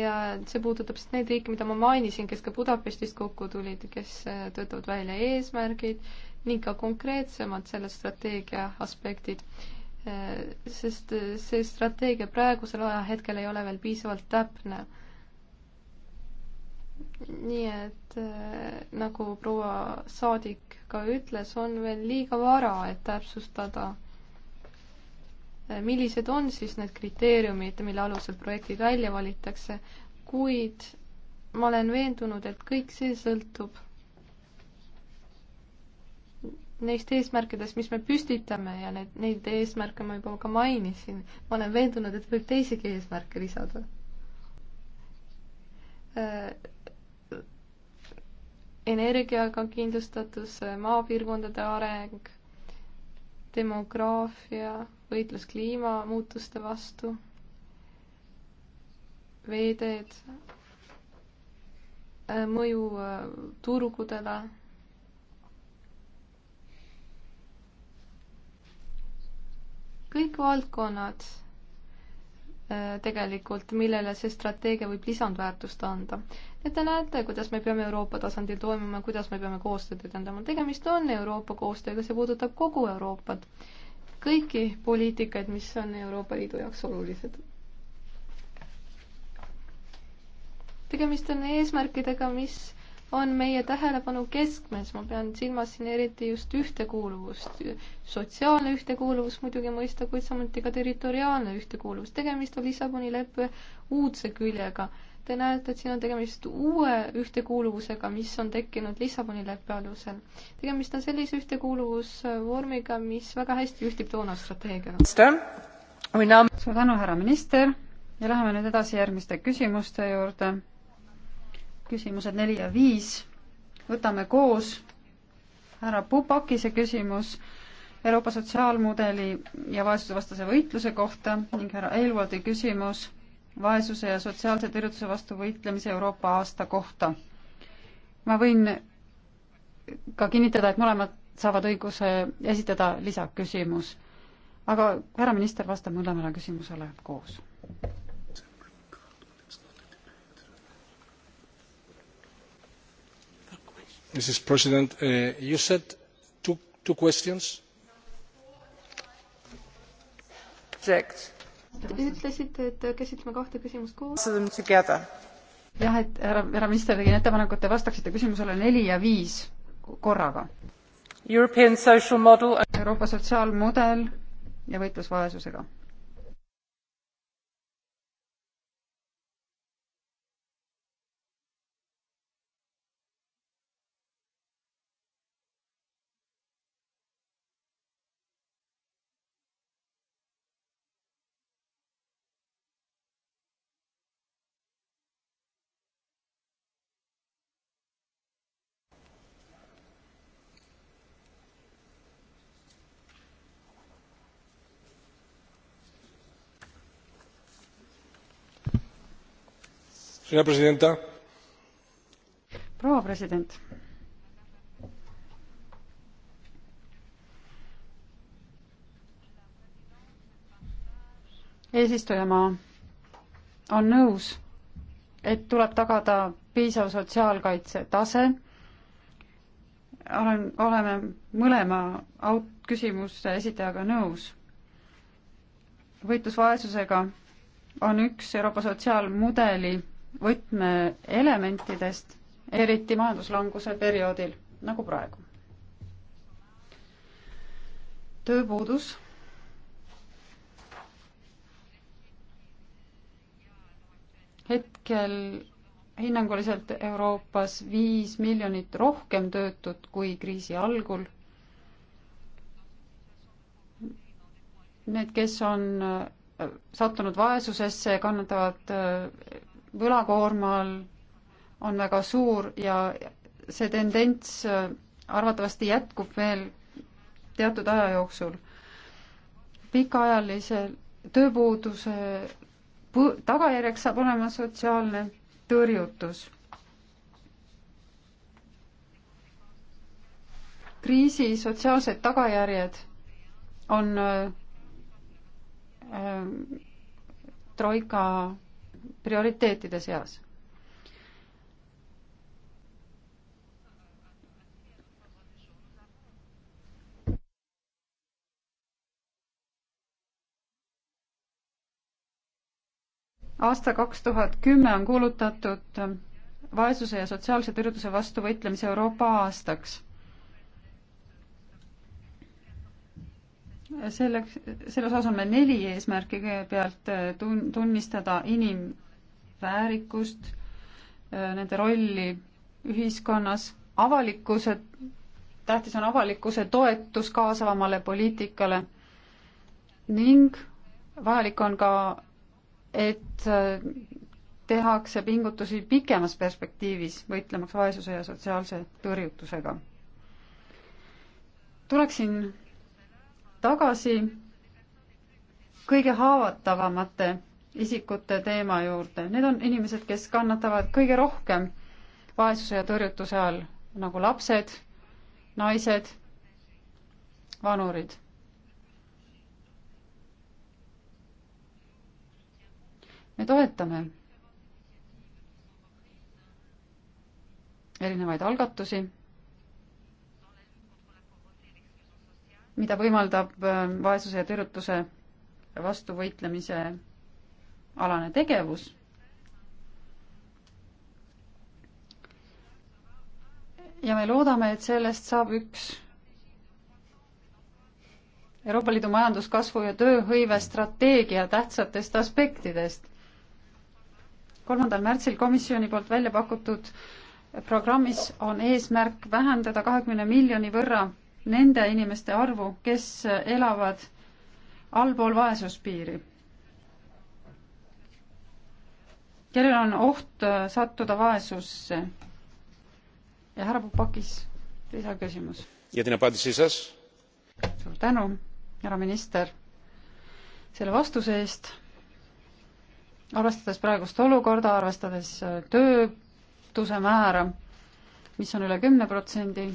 ja see puudutab siis neid riike, mida ma mainisin, kes ka Budapestist kokku tulid, kes töötavad välja eesmärgid ning ka konkreetsemad selle strateegia aspektid sest see strateegia praegusel ajahetkel ei ole veel piisavalt täpne nii et äh, nagu proua saadik ka ütles, on veel liiga vara, et täpsustada, äh, millised on siis need kriteeriumid, mille alusel projektid välja valitakse, kuid ma olen veendunud, et kõik see sõltub neist eesmärkidest, mis me püstitame ja need, neid eesmärke ma juba ka mainisin. ma olen veendunud, et võib teisigi eesmärke lisada äh, energiaga kindlustatus, maapiirkondade areng, demograafia, võitlus kliimamuutuste vastu, veeteed, äh, mõju äh, turgudele kõik valdkonnad Äh, tegelikult, millele see strateegia võib lisandväärtust anda. et te näete, kuidas me peame Euroopa tasandil toimima, kuidas me peame koostööd edendama. tegemist on Euroopa koostööga, see puudutab kogu Euroopat, kõiki poliitikaid, mis on Euroopa Liidu jaoks olulised. tegemist on eesmärkidega, mis on meie tähelepanu keskmes, ma pean silmas siin eriti just ühtekuuluvust, sotsiaalne ühtekuuluvus muidugi mõista, kuid samuti ka territoriaalne ühtekuuluvus, tegemist on Lissaboni leppe uudse küljega. Te näete, et siin on tegemist uue ühtekuuluvusega, mis on tekkinud Lissaboni leppe alusel. tegemist on sellise ühtekuuluvusvormiga, mis väga hästi ühtib toonase strateegiaga. suur tänu, härra minister ja läheme nüüd edasi järgmiste küsimuste juurde küsimused neli ja viis. võtame koos härra Pupakise küsimus Euroopa sotsiaalmudeli ja vaesusevastase võitluse kohta ning härra Elwadi küsimus vaesuse ja sotsiaalse tõrjutuse vastu võitlemise Euroopa aasta kohta. ma võin ka kinnitada, et mõlemad saavad õiguse esitada lisaküsimus. aga härra minister vastab mõlemale küsimusele koos. mrs president uh, you said two questions. Te ütlesite, et käsitleme kahte küsimust koos. jah, et härra, härra minister, tegin ettepaneku, et te vastaksite küsimusele neli ja viis korraga. Euroopa sotsiaalmudel ja võitlus vaesusega proua president eesistujamaa on nõus et tuleb tagada piisav sotsiaalkaitse tase olen oleme mõlema aut- küsimuse esitajaga nõus võitlus vaesusega on üks Euroopa sotsiaalmudeli võtmeelementidest, eriti majanduslanguse perioodil, nagu praegu. tööpuudus hetkel hinnanguliselt Euroopas viis miljonit rohkem töötut kui kriisi algul. Need, kes on sattunud vaesusesse, kannatavad võlakoormal on väga suur ja see tendents äh, arvatavasti jätkub veel teatud aja jooksul. pikaajalise tööpuuduse tagajärjeks saab olema sotsiaalne tõrjutus. kriisi sotsiaalsed tagajärjed on äh, äh troika prioriteetide seas. aasta kaks tuhat kümme on kuulutatud vaesuse ja sotsiaalse tõrjutuse vastu võitlemise Euroopa aastaks selleks, selles osas on meil neli eesmärki, kõigepealt äh, tun-, tunnistada inimväärikust, äh, nende rolli ühiskonnas, avalikkuse, tähtis on avalikkuse toetus kaasavamale poliitikale ning vajalik on ka, et äh, tehakse pingutusi pikemas perspektiivis, võitlemaks vaesuse ja sotsiaalse tõrjutusega. tuleksin tagasi kõige haavatavamate isikute teema juurde. Need on inimesed, kes kannatavad kõige rohkem vaesuse ja tõrjutuse all, nagu lapsed, naised, vanurid. me toetame erinevaid algatusi mida võimaldab äh, vaesuse ja tõrjutuse vastu võitlemise alane tegevus. ja me loodame, et sellest saab üks Euroopa Liidu majanduskasvu ja tööhõive strateegia tähtsatest aspektidest. kolmandal märtsil komisjoni poolt välja pakutud programmis on eesmärk vähendada kahekümne miljoni võrra nende inimeste arvu, kes elavad allpool vaesuspiiri, kellel on oht äh, sattuda vaesusse. ja härra Pupakis, lisaküsimus. suur tänu, härra minister, selle vastuse eest. arvestades praegust olukorda, arvestades äh, töötuse määra, mis on üle kümne protsendi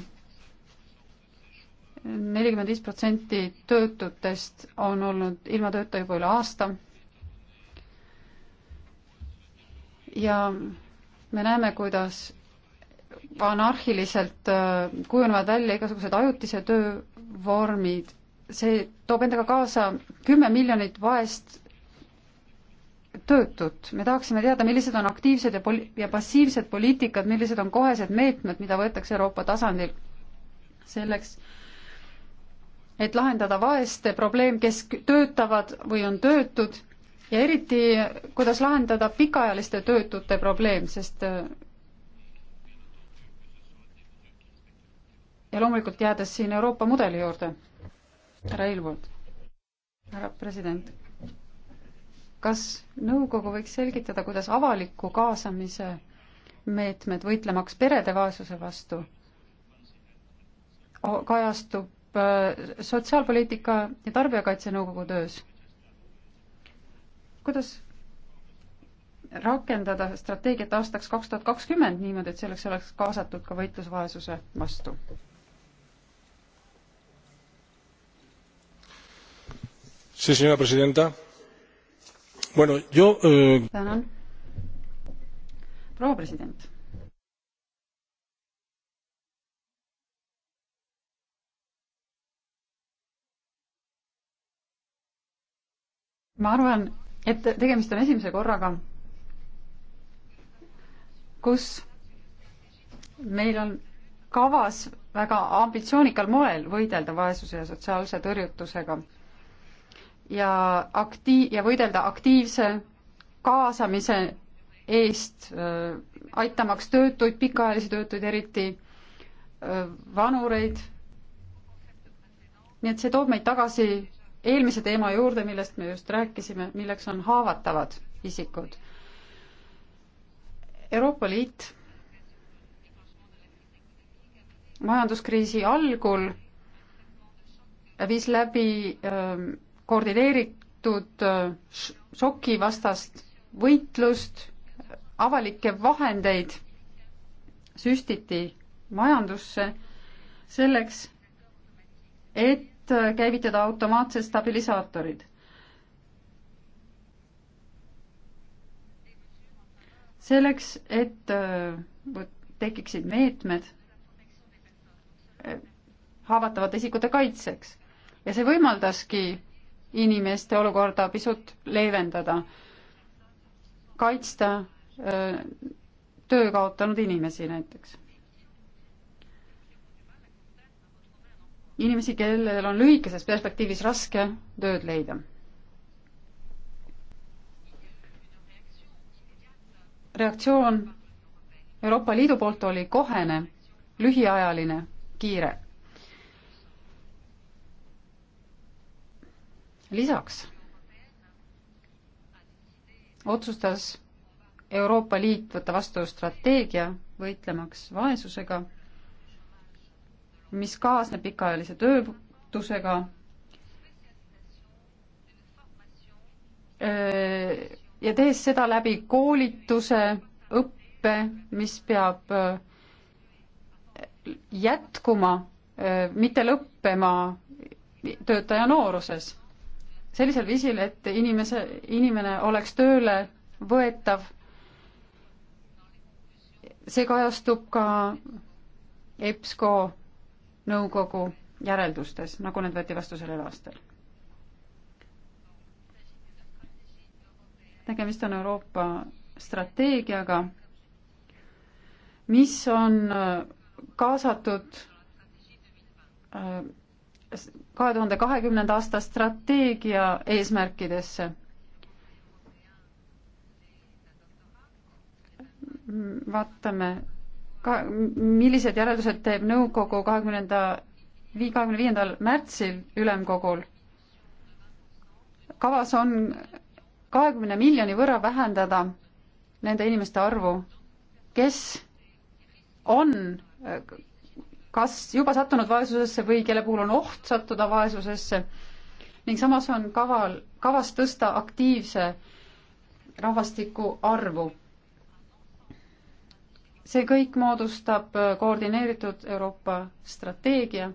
nelikümmend viis protsenti töötutest on olnud ilma tööta juba üle aasta. ja me näeme, kuidas anarhiliselt äh, kujunevad välja igasugused ajutise töö vormid, see toob endaga kaasa kümme miljonit vaest töötut. me tahaksime teada, millised on aktiivsed ja poli-, ja passiivsed poliitikad, millised on kohesed meetmed, mida võetakse Euroopa tasandil selleks, et lahendada vaeste probleem, kes töötavad või on töötud ja eriti, kuidas lahendada pikaajaliste töötute probleem, sest äh, ja loomulikult jäädes siin Euroopa mudeli juurde. härra Ilvold, härra president, kas nõukogu võiks selgitada, kuidas avaliku kaasamise meetmed võitlemaks perede vaesuse vastu kajastub Äh, sotsiaalpoliitika ja Tarbijakaitse Nõukogu töös? kuidas rakendada strateegiat aastaks kaks tuhat kakskümmend niimoodi, et selleks oleks kaasatud ka võitlus vaesuse vastu? Sí, señora presidenta. Bueno, yo... Eh... Tänan. proua president ma arvan, et tegemist on esimese korraga, kus meil on kavas väga ambitsioonikal moel võidelda vaesuse ja sotsiaalse tõrjutusega ja akti- ja võidelda aktiivse kaasamise eest äh,, aitamaks töötuid, pikaajalisi töötuid eriti äh,, vanureid. nii et see toob meid tagasi eelmise teema juurde, millest me just rääkisime, milleks on haavatavad isikud. Euroopa Liit majanduskriisi algul viis läbi ähm, koordineeritud äh, šokivastast võitlust, avalikke vahendeid süstiti majandusse selleks, et et käivitada automaatsed stabilisaatorid. selleks, et äh, tekiksid meetmed äh, haavatavate isikute kaitseks ja see võimaldaski inimeste olukorda pisut leevendada, kaitsta öö, äh, töö kaotanud inimesi näiteks inimesi, kellel on lühikeses perspektiivis raske tööd leida. reaktsioon Euroopa Liidu poolt oli kohene, lühiajaline, kiire. lisaks otsustas Euroopa Liit võtta vastu strateegia võitlemaks vaesusega mis kaasneb pikaajalise töötusega. ja tehes seda läbi koolituse, õppe, mis peab jätkuma, mitte lõppema töötaja nooruses. sellisel viisil, et inimese, inimene oleks tööle võetav. see kajastub ka EBSCO nõukogu järeldustes, nagu need võeti vastu sellel aastal. tegemist on Euroopa strateegiaga, mis on äh, kaasatud äh, kahe tuhande kahekümnenda aasta strateegia eesmärkidesse vaatame ka millised järeldused teeb nõukogu kahekümnenda, kahekümne viiendal märtsil ülemkogul? kavas on kahekümne miljoni võrra vähendada nende inimeste arvu, kes on kas juba sattunud vaesusesse või kelle puhul on oht sattuda vaesusesse ning samas on kaval, kavas tõsta aktiivse rahvastiku arvu see kõik moodustab äh, koordineeritud Euroopa strateegia,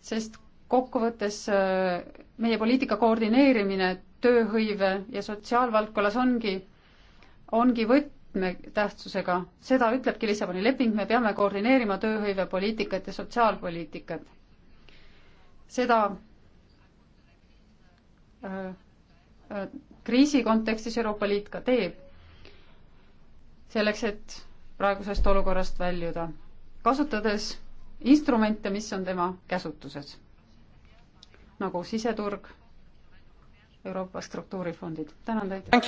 sest kokkuvõttes äh, meie poliitika koordineerimine tööhõive ja sotsiaalvaldkonnas ongi, ongi võtmetähtsusega. seda ütlebki Lissaboni leping, me peame koordineerima tööhõivepoliitikat ja sotsiaalpoliitikat. seda äh, kriisi kontekstis Euroopa Liit ka teeb. selleks, et praegusest olukorrast väljuda, kasutades instrumente, mis on tema käsutuses, nagu siseturg, Euroopa struktuurifondid. tänan teid! Uh,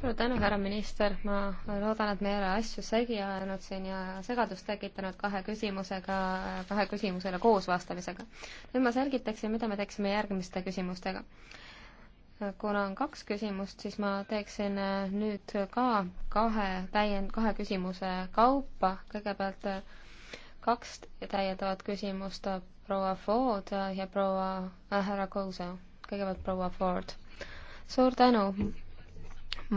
suur tänu, härra minister, ma loodan, et me ei ole asju segi ajanud siin ja segadust tekitanud kahe küsimusega, kahe küsimusele koos vastamisega. nüüd ma selgitaksin, mida me teeksime järgmiste küsimustega kuna on kaks küsimust, siis ma teeksin äh, nüüd ka kahe täiend-, kahe küsimuse kaupa. kõigepealt äh, kaks täiendavat küsimust äh, proua Ford ja proua äh, härra Kousa. kõigepealt proua Ford. suur tänu!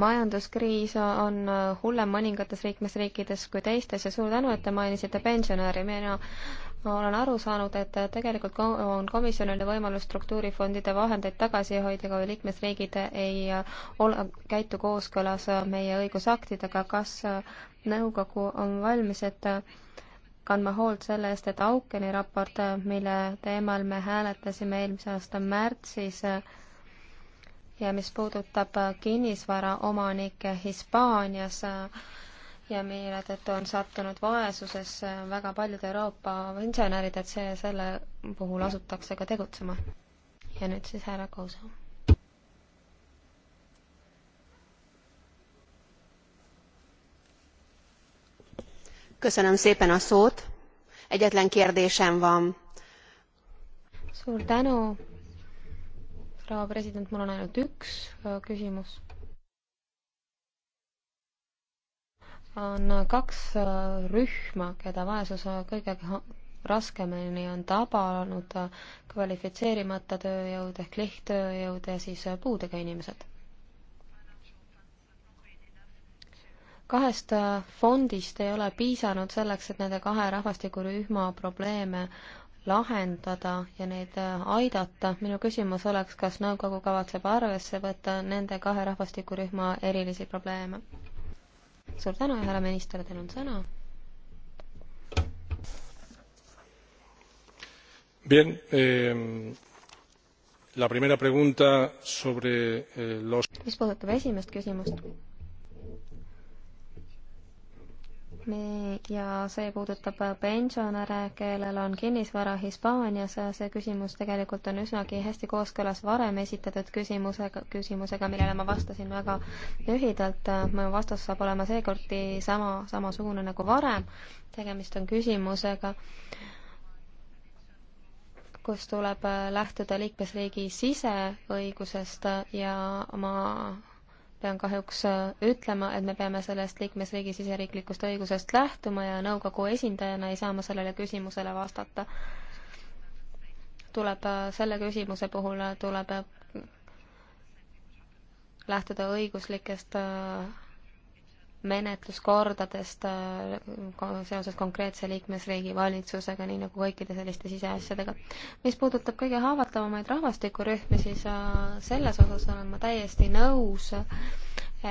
majanduskriis on hullem mõningates liikmesriikides kui teistes ja suur tänu, et te mainisite pensionäri. mina ma olen aru saanud, et tegelikult on komisjonil võimalus struktuurifondide vahendeid tagasi hoida, kui liikmesriigid ei ole, käitu kooskõlas meie õigusaktidega. kas nõukogu on valmis, et kandma hoolt selle eest, et Aukeni raport, mille teemal me hääletasime eelmise aasta märtsis ja mis puudutab kinnisvaraomanikke Hispaanias, ja mille tõttu on sattunud vaesusesse väga paljud Euroopa pensionärid, et see, selle puhul asutakse ka tegutsema. ja nüüd siis härra Kousa. köszönöm szépen a szót. Egyetlen kérdésem van. Suur tänu, proua president, mul on ainult üks äh, küsimus on kaks äh, rühma, keda vaesus kõige raskemini on tabanud, äh, kvalifitseerimata tööjõud ehk lihttööjõud ja siis äh, puudega inimesed. kahest fondist ei ole piisanud selleks, et nende kahe rahvastikurühma probleeme lahendada ja neid aidata. minu küsimus oleks, kas nõukogu kavatseb arvesse võtta nende kahe rahvastikurühma erilisi probleeme? suur tänu, härra minister, teil on sõna. Bien, eh, la primera pregunta sobre eh, los mis puudutab esimest küsimust nii, ja see puudutab pensionäre, kellel on kinnisvara Hispaanias, see küsimus tegelikult on üsnagi hästi kooskõlas varem esitatud küsimusega, küsimusega, millele ma vastasin väga lühidalt. mu vastus saab olema seekordi sama, samasugune nagu varem. tegemist on küsimusega, kus tuleb lähtuda liikmesriigi siseõigusest ja ma pean kahjuks äh, ütlema, et me peame sellest liikmesriigi siseriiklikust õigusest lähtuma ja nõukogu esindajana ei saa ma sellele küsimusele vastata. tuleb äh, selle küsimuse puhul, tuleb äh, lähtuda õiguslikest menetluskordadest äh, seoses konkreetse liikmesriigi valitsusega, nii nagu kõikide selliste siseasjadega. mis puudutab kõige haavatavamaid rahvastikurühmi, siis äh, selles osas olen ma täiesti nõus,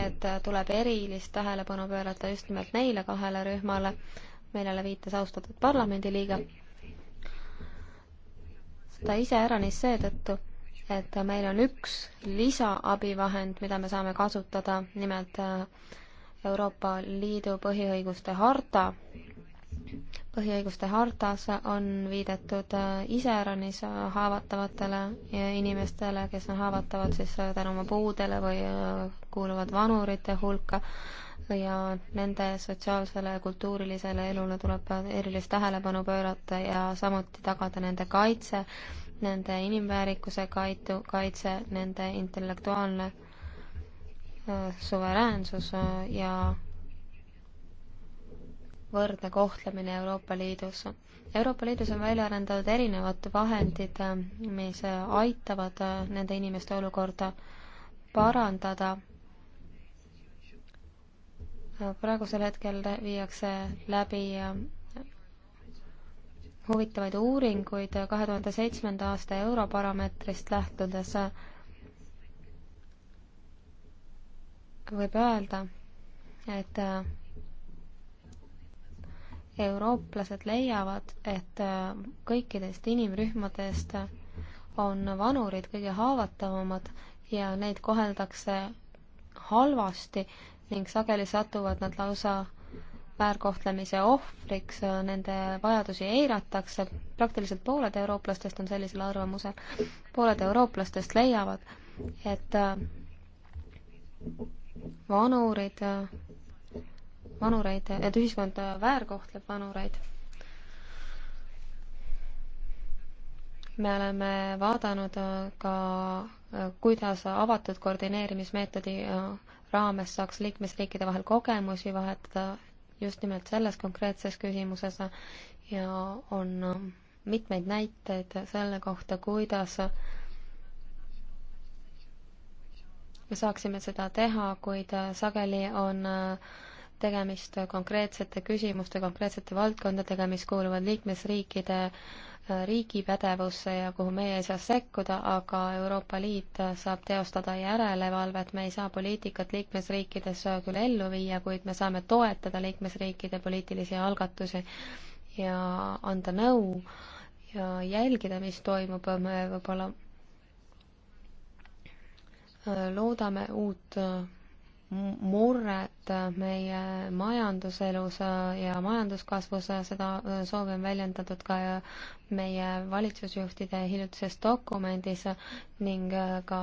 et tuleb erilist tähelepanu pöörata just nimelt neile kahele rühmale, millele viitas austatud parlamendiliige. seda iseäranis seetõttu et meil on üks lisaaabivahend, mida me saame kasutada, nimelt äh, Euroopa Liidu põhiõiguste harta. põhiõiguste hartas on viidatud äh, iseäranis haavatavatele äh, inimestele, kes on haavatavad siis äh, tänu oma puudele või kuuluvad vanurite hulka ja nende sotsiaalsele ja kultuurilisele elule tuleb erilist tähelepanu pöörata ja samuti tagada nende kaitse, nende inimväärikuse kaitu, kaitse, nende intellektuaalne suveräänsus ja võrdne kohtlemine Euroopa Liidus. Euroopa Liidus on välja arendatud erinevad vahendid, mis aitavad nende inimeste olukorda parandada. praegusel hetkel viiakse läbi huvitavaid uuringuid kahe tuhande seitsmenda aasta Europarameetrist lähtudes võib öelda, et äh, eurooplased leiavad, et äh, kõikidest inimrühmadest on vanurid kõige haavatavamad ja neid koheldakse halvasti ning sageli satuvad nad lausa väärkohtlemise ohvriks, äh, nende vajadusi eiratakse, praktiliselt pooled eurooplastest on sellisel arvamusel, pooled eurooplastest leiavad, et vanurid, vanureid, et ühiskond väärkohtleb vanureid. me oleme vaadanud ka, kuidas avatud koordineerimismeetodi raames saaks liikmesriikide vahel kogemusi vahetada just nimelt selles konkreetses küsimuses ja on mitmeid näiteid selle kohta, kuidas me saaksime seda teha, kuid äh, sageli on äh, tegemist äh, konkreetsete küsimuste, konkreetsete valdkondadega, mis kuuluvad liikmesriikide riigi pädevusse ja kuhu meie ei saa sekkuda, aga Euroopa Liit saab teostada järelevalvet, me ei saa poliitikat liikmesriikides küll ellu viia, kuid me saame toetada liikmesriikide poliitilisi algatusi ja anda nõu ja jälgida, mis toimub, me võib-olla loodame uut äh, murret äh, meie majanduselus äh, ja majanduskasvus, seda soovi on väljendatud ka meie valitsusjuhtide hiljutises dokumendis ning ka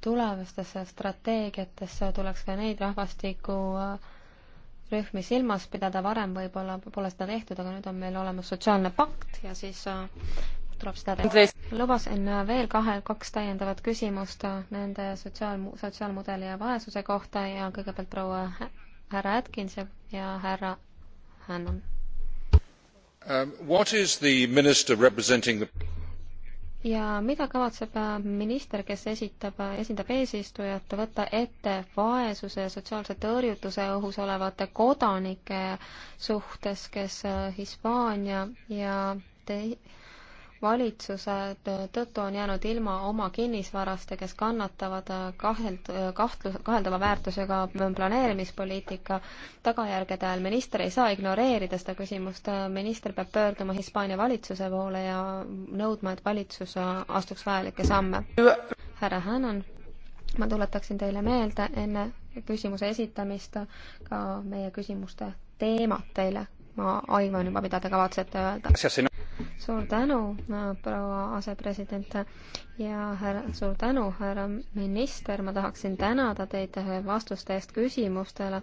tulevastesse strateegiatesse tuleks ka neid rahvastiku rühmi silmas pidada, varem võib-olla pole seda tehtud, aga nüüd on meil olemas sotsiaalne pakt ja siis tuleb seda teha. lubasin veel kahe, kaks täiendavat küsimust nende sotsiaal, sotsiaalmudeli ja vaesuse kohta ja kõigepealt proua härra Atkins ja härra Hannon um,. ja mida kavatseb äh, minister, kes esitab, äh, esindab eesistujat, võtta ette vaesuse ja sotsiaalse tõrjutuse õhus olevate kodanike suhtes, kes äh, Hispaania ja te-, valitsuse tõttu on jäänud ilma oma kinnisvarast ja kes kannatavad äh, kaheld-, äh, kahtlus, kaheldava väärtusega planeerimispoliitika tagajärgede all. minister ei saa ignoreerida seda küsimust, äh, minister peab pöörduma Hispaania valitsuse poole ja nõudma, et valitsus astuks vajalikke samme. härra Hänan, ma tuletaksin teile meelde enne küsimuse esitamist ka meie küsimuste teemat teile. ma aiman juba, mida te kavatsete öelda suur tänu, äh, proua asepresident ja härra, suur tänu, härra minister, ma tahaksin tänada teid vastuste eest küsimustele,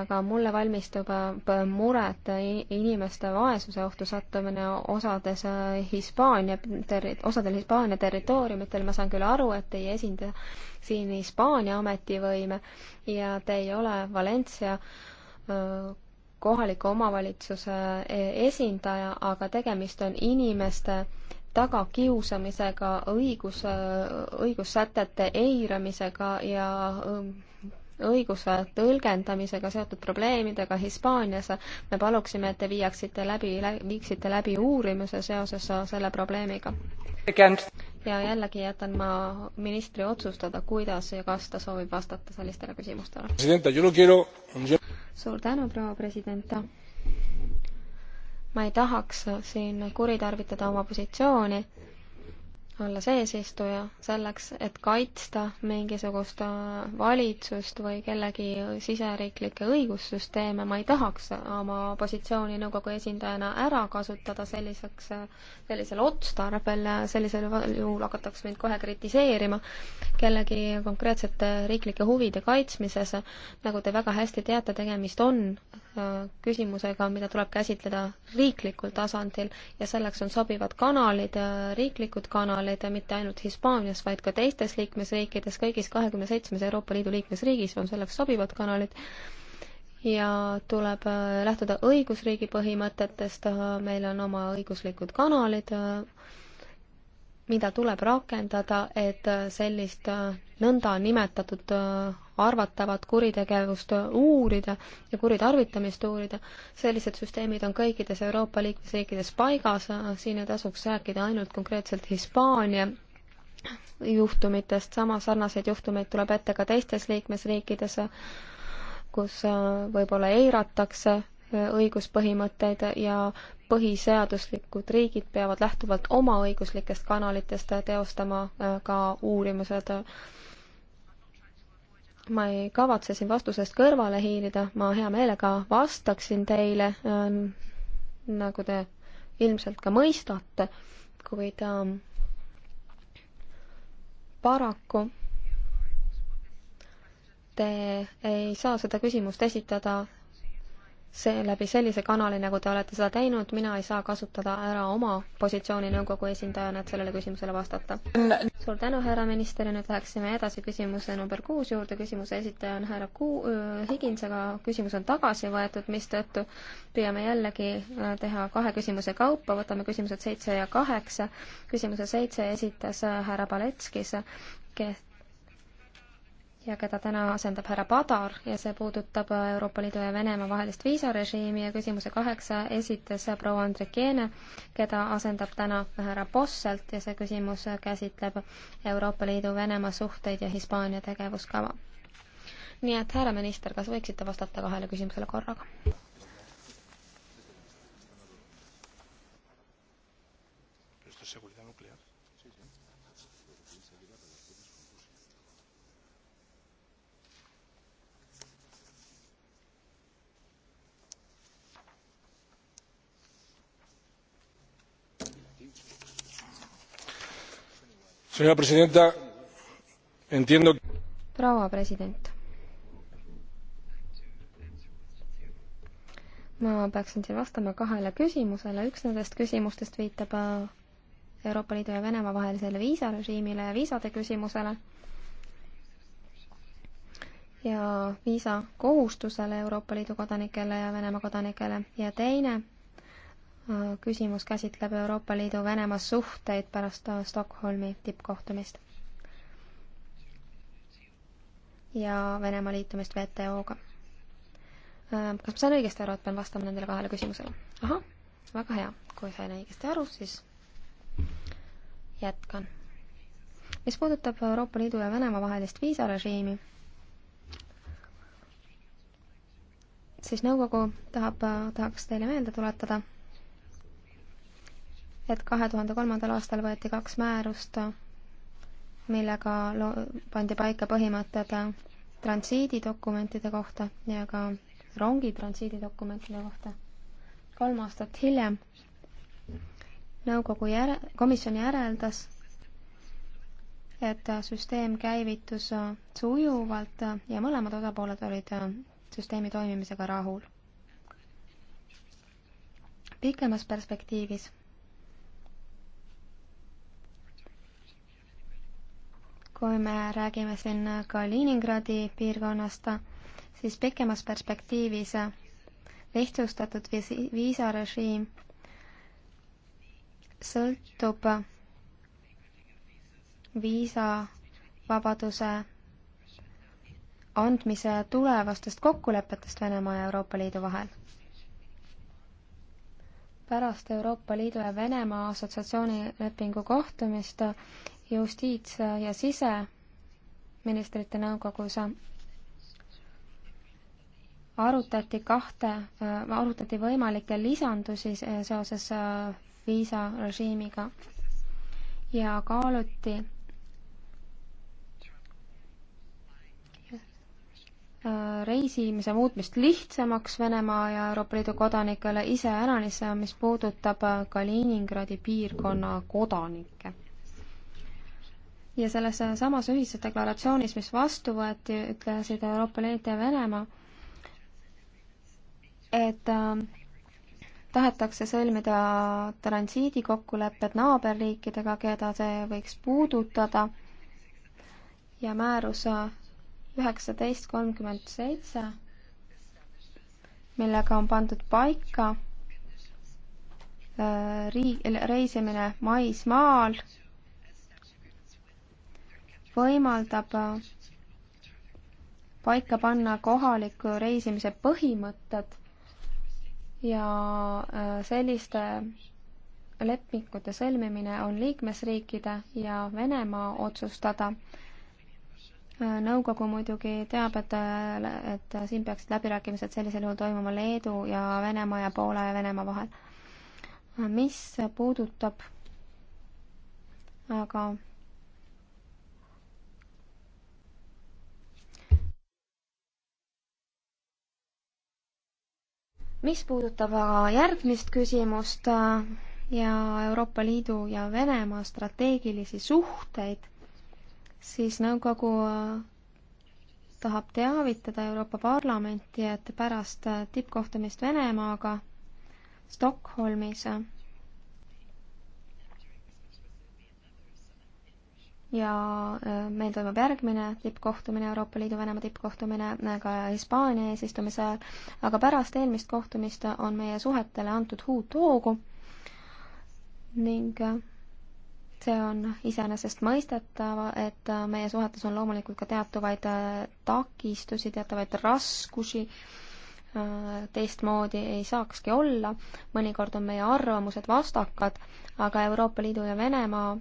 aga mulle valmistub äh, muret inimeste vaesuse ohtu sattumine osades äh, Hispaania terri-, osadel Hispaania territooriumitel, ma saan küll aru, et teie esindaja siin Hispaania ametivõime ja te ei ole Valencia kohaliku omavalitsuse e, esindaja, aga tegemist on inimeste tagakiusamisega, õigus, e, õigussätete eiramisega ja e, õiguse tõlgendamisega seotud probleemidega Hispaanias. me paluksime, et te viiaksite läbi, viiksite läbi uurimuse seoses selle probleemiga ja jällegi jätan ma ministri otsustada, kuidas ja kas ta soovib vastata sellistele küsimustele. suur tänu, proua president! ma ei tahaks siin kuritarvitada oma positsiooni olles eesistuja, selleks, et kaitsta mingisugust äh, valitsust või kellegi siseriiklikke õigussüsteeme, ma ei tahaks oma positsiooni nõukogu esindajana ära kasutada selliseks, äh, sellisel otstarbel, äh, sellisel juhul hakataks mind kohe kritiseerima kellegi konkreetsete riiklike huvide kaitsmises. nagu te väga hästi teate, tegemist on Äh, küsimusega, mida tuleb käsitleda riiklikul tasandil ja selleks on sobivad kanalid, äh, riiklikud kanalid, mitte ainult Hispaanias, vaid ka teistes liikmesriikides, kõigis kahekümne seitsmes Euroopa Liidu liikmesriigis on selleks sobivad kanalid ja tuleb äh, lähtuda õigusriigi põhimõtetest, meil on oma õiguslikud kanalid mida tuleb rakendada, et sellist nõndanimetatud äh, arvatavat kuritegevust äh, uurida ja kuritarvitamist uurida. sellised süsteemid on kõikides Euroopa liikmesriikides paigas, äh, siin ei tasuks rääkida ainult konkreetselt Hispaania juhtumitest, sama sarnaseid juhtumeid tuleb ette ka teistes liikmesriikides, kus võib-olla eiratakse õiguspõhimõtteid ja põhiseaduslikud riigid peavad lähtuvalt oma õiguslikest kanalitest teostama äh, ka uurimused. ma ei kavatse siin vastusest kõrvale hiilida, ma hea meelega vastaksin teile, ähm, nagu te ilmselt ka mõistate, kuid ähm, paraku te ei saa seda küsimust esitada see läbi sellise kanali, nagu te olete seda teinud, mina ei saa kasutada ära oma positsiooni nõukogu esindajana, et sellele küsimusele vastata. suur tänu, härra minister ja nüüd läheksime edasi küsimuse number kuus juurde. küsimuse esitaja on härra Ku-, äh, Higins, aga küsimus on tagasi võetud, mistõttu püüame jällegi äh, teha kahe küsimuse kaupa, võtame küsimused seitse ja kaheksa. küsimuse seitse esitas äh, härra Paletskis, kes ja keda täna asendab härra Padar ja see puudutab Euroopa Liidu ja Venemaa vahelist viisarežiimi ja küsimuse kaheksa esitas proua Andrikiene, keda asendab täna härra Posselt ja see küsimus käsitleb Euroopa Liidu Venemaa suhteid ja Hispaania tegevuskava. nii et härra minister, kas võiksite vastata kahele küsimusele korraga? señora presidenta entiendo proua president ma peaksin siin vastama kahele küsimusele üks nendest küsimustest viitab äh, Euroopa Liidu ja Venemaa vahelisele viisarežiimile ja viisade küsimusele ja viisakohustusele Euroopa Liidu kodanikele ja Venemaa kodanikele ja teine küsimus käsitleb Euroopa Liidu Venemaa suhteid pärast äh, Stockholmi tippkohtumist ja Venemaa liitumist WTO-ga. Äh, kas ma sain õigesti aru, et pean vastama nendele kahele küsimusele? ahah, väga hea, kui sain õigesti aru, siis jätkan. mis puudutab Euroopa Liidu ja Venemaa vahelist viisarežiimi, siis nõukogu tahab, äh, tahaks teile meelde tuletada et kahe tuhande kolmandal aastal võeti kaks määrust, millega lo-, pandi paika põhimõtted transiididokumentide kohta ja ka rongi transiididokumentide kohta. kolm aastat hiljem nõukogu järe-, komisjon järeldas, et süsteem käivitus sujuvalt ja mõlemad osapooled olid süsteemi toimimisega rahul. pikemas perspektiivis kui me räägime siin Kaliningradi piirkonnast, siis pikemas perspektiivis lihtsustatud viisarežiim sõltub viisavabaduse andmise tulevastest kokkulepetest Venemaa ja Euroopa Liidu vahel. pärast Euroopa Liidu ja Venemaa assotsiatsioonilepingu kohtumist justiits- ja siseministrite nõukogus arutati kahte, arutati võimalikke lisandusi seoses äh, viisarežiimiga ja kaaluti äh, reisimise muutmist lihtsamaks Venemaa ja Euroopa Liidu kodanikele iseäranis, mis puudutab äh, Kaliningradi piirkonna kodanikke ja selles samas ühises deklaratsioonis, mis vastu võeti, ütlesid Euroopa Liit ja Venemaa, et äh, tahetakse sõlmida transiidikokkulepped naaberriikidega, keda see võiks puudutada ja määrus üheksateist kolmkümmend seitse, millega on pandud paika äh, riik, reisimine maismaal võimaldab äh, paika panna kohaliku reisimise põhimõtted ja äh, selliste lepingute sõlmimine on liikmesriikide ja Venemaa otsustada. Äh, nõukogu muidugi teab, et, et siin peaksid läbirääkimised sellisel juhul toimuma Leedu ja Venemaa ja Poola ja Venemaa vahel. mis puudutab aga mis puudutab aga järgmist küsimust äh, ja Euroopa Liidu ja Venemaa strateegilisi suhteid, siis nõukogu äh, tahab teavitada Euroopa Parlamenti, et pärast äh, tippkohtumist Venemaaga Stockholmis ja äh, meil toimub järgmine tippkohtumine, Euroopa Liidu Venemaa tippkohtumine äh, ka Hispaania eesistumise ajal, aga pärast eelmist kohtumist on meie suhetele antud uut hoogu ning äh, see on iseenesestmõistetav, et meie suhetes on loomulikult ka teatavaid takistusi, teatavaid raskusi Äh, teistmoodi ei saakski olla, mõnikord on meie arvamused vastakad, aga Euroopa Liidu ja Venemaa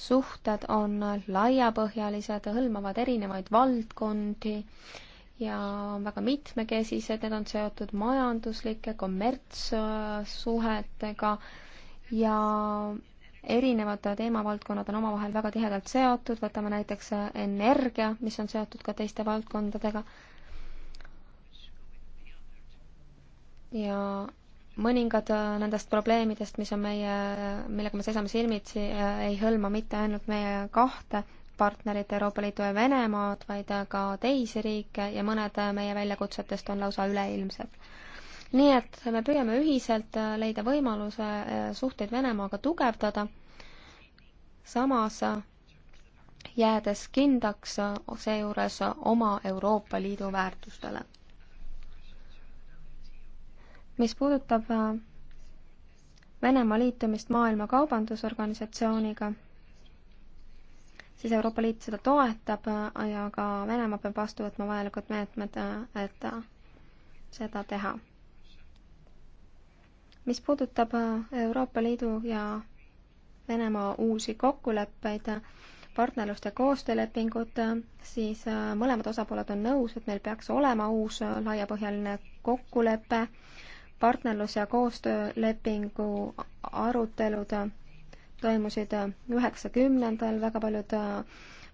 suhted on laiapõhjalised, hõlmavad erinevaid valdkondi ja on väga mitmekesised, need on seotud majanduslike, kommertssuhetega ja erinevad teemavaldkonnad on omavahel väga tihedalt seotud, võtame näiteks energia, mis on seotud ka teiste valdkondadega ja mõningad äh, nendest probleemidest, mis on meie, millega me seisame silmitsi, äh, ei hõlma mitte ainult meie kahte partnerit, Euroopa Liitu ja Venemaad, vaid äh, ka teisi riike ja mõned meie väljakutsetest on lausa üleilmsed. nii et me püüame ühiselt leida võimaluse suhteid Venemaaga tugevdada, samas jäädes kindlaks seejuures oma Euroopa Liidu väärtustele mis puudutab äh, Venemaa liitumist Maailma Kaubandusorganisatsiooniga, siis Euroopa Liit seda toetab äh, ja ka Venemaa peab vastu võtma vajalikud meetmed, äh, et seda teha. mis puudutab Euroopa Liidu ja Venemaa uusi kokkuleppeid, partnerlust ja koostöölepingut, siis mõlemad osapooled on nõus, et meil peaks olema uus laiapõhjaline kokkulepe partnerlus- ja koostöölepingu arutelud toimusid üheksakümnendal, väga paljud äh,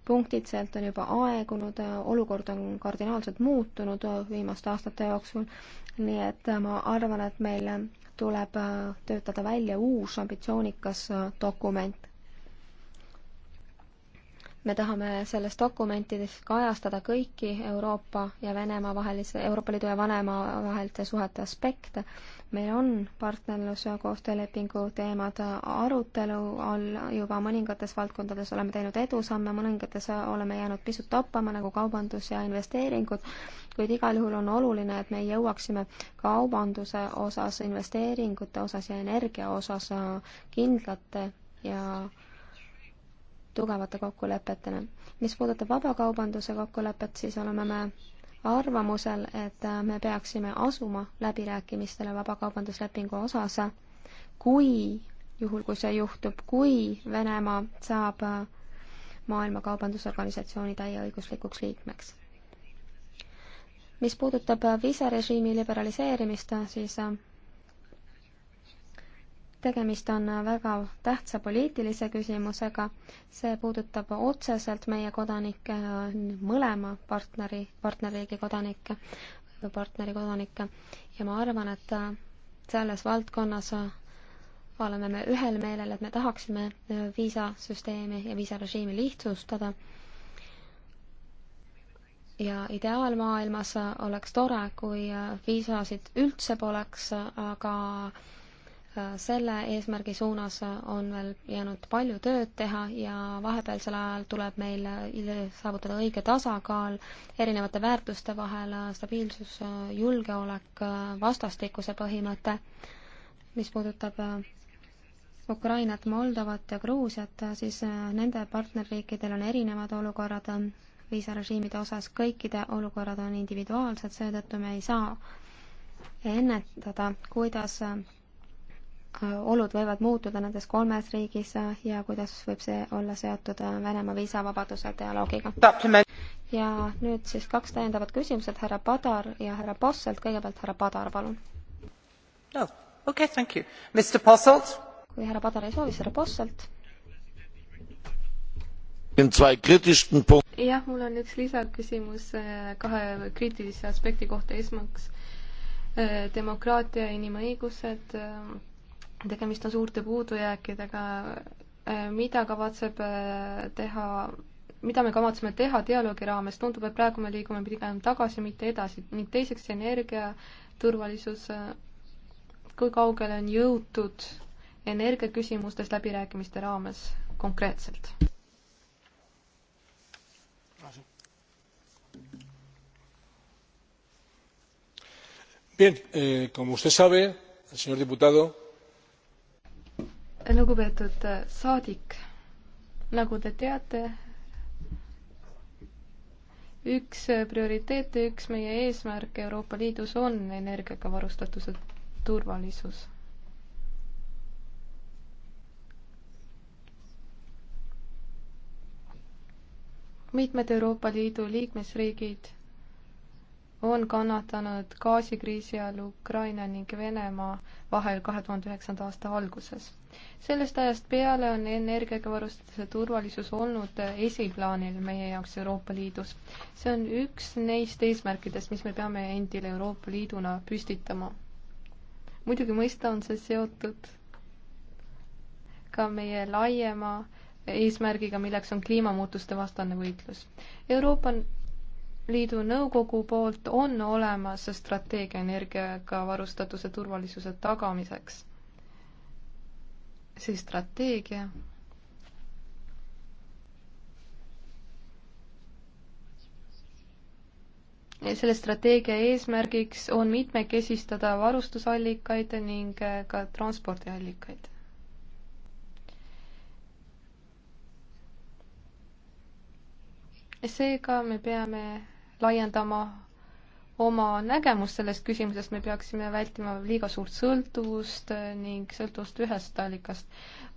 punktid sealt on juba aegunud, olukord on kardinaalselt muutunud viimaste aastate jooksul, nii et äh, ma arvan, et meil tuleb äh, töötada välja uus ambitsioonikas dokument me tahame selles dokumentides kajastada kõiki Euroopa ja Venemaa vahelise, Euroopa Liidu ja Venemaa vaheliste suhete aspekte. meil on partnerluse koostöölepingu teemad arutelu all juba mõningates valdkondades oleme teinud edusamme, mõningates oleme jäänud pisut toppama, nagu kaubandus ja investeeringud, kuid igal juhul on oluline, et me jõuaksime kaubanduse osas, investeeringute osas ja energia osas kindlate ja tugevate kokkulepetena. mis puudutab vabakaubanduse kokkulepet, siis oleme me arvamusel, et me peaksime asuma läbirääkimistele vabakaubanduslepingu osas, kui, juhul kui see juhtub, kui Venemaa saab Maailma Kaubandusorganisatsiooni täieõiguslikuks liikmeks. mis puudutab viisarežiimi liberaliseerimist, siis tegemist on väga tähtsa poliitilise küsimusega, see puudutab otseselt meie kodanikke, mõlema partneri, partnerriigi kodanikke või partneri kodanikke ja ma arvan, et selles valdkonnas oleme me ühel meelel, et me tahaksime viisasüsteemi ja viisarežiimi lihtsustada. ja ideaalmaailmas oleks tore, kui viisasid üldse poleks, aga selle eesmärgi suunas on veel jäänud palju tööd teha ja vahepealsel ajal tuleb meil saavutada õige tasakaal erinevate väärtuste vahel, stabiilsus, julgeolek, vastastikuse põhimõte, mis puudutab äh, Ukrainat, Moldovat ja Gruusiat, äh, siis äh, nende partnerriikidel on erinevad olukorrad viisarežiimide osas, kõikide olukorrad on individuaalsed, seetõttu me ei saa ennetada, kuidas Äh, olud võivad muutuda nendes kolmes riigis äh, ja kuidas võib see olla seotud äh, Venemaa viisavabaduse dialoogiga. ja nüüd siis kaks täiendavat küsimuselt härra Padar ja härra Posselt. kõigepealt härra Padar, palun oh,. Okay, thank you. Mr Posselt? kui härra Padar ei soovi, siis härra Posselt. jah, mul on üks lisaküsimus kahe kriitilise aspekti kohta. esmaks demokraatia ja inimõigused tegemist on suurte puudujääkidega, äh, mida kavatseb äh, teha, mida me kavatseme teha dialoogi raames, tundub, et praegu me liigume pigem tagasi, mitte edasi, ning teiseks energiaturvalisus, äh, kui kaugele on jõutud energiaküsimustes läbirääkimiste raames konkreetselt? Bien, eh, como usted sabe, señor diputado, lugupeetud saadik, nagu te teate, üks prioriteete, üks meie eesmärk Euroopa Liidus on energiaga varustatuse turvalisus. mitmed Euroopa Liidu liikmesriigid on kannatanud gaasikriisi ajal Ukraina ning Venemaa vahel kahe tuhande üheksanda aasta alguses. sellest ajast peale on energiaga varustatuse turvalisus olnud esiplaanil meie jaoks Euroopa Liidus. see on üks neist eesmärkidest, mis me peame endile Euroopa Liiduna püstitama. muidugi mõista on see seotud ka meie laiema eesmärgiga, milleks on kliimamuutuste vastane võitlus. Euroopa Liidu Nõukogu poolt on olemas strateegia energiaga varustatuse turvalisuse tagamiseks. see strateegia selle strateegia eesmärgiks on mitmekesistada varustusallikaid ning äh, ka transpordiallikaid. seega me peame laiendama oma nägemust sellest küsimusest, me peaksime vältima liiga suurt sõltuvust ning sõltuvust ühest allikast.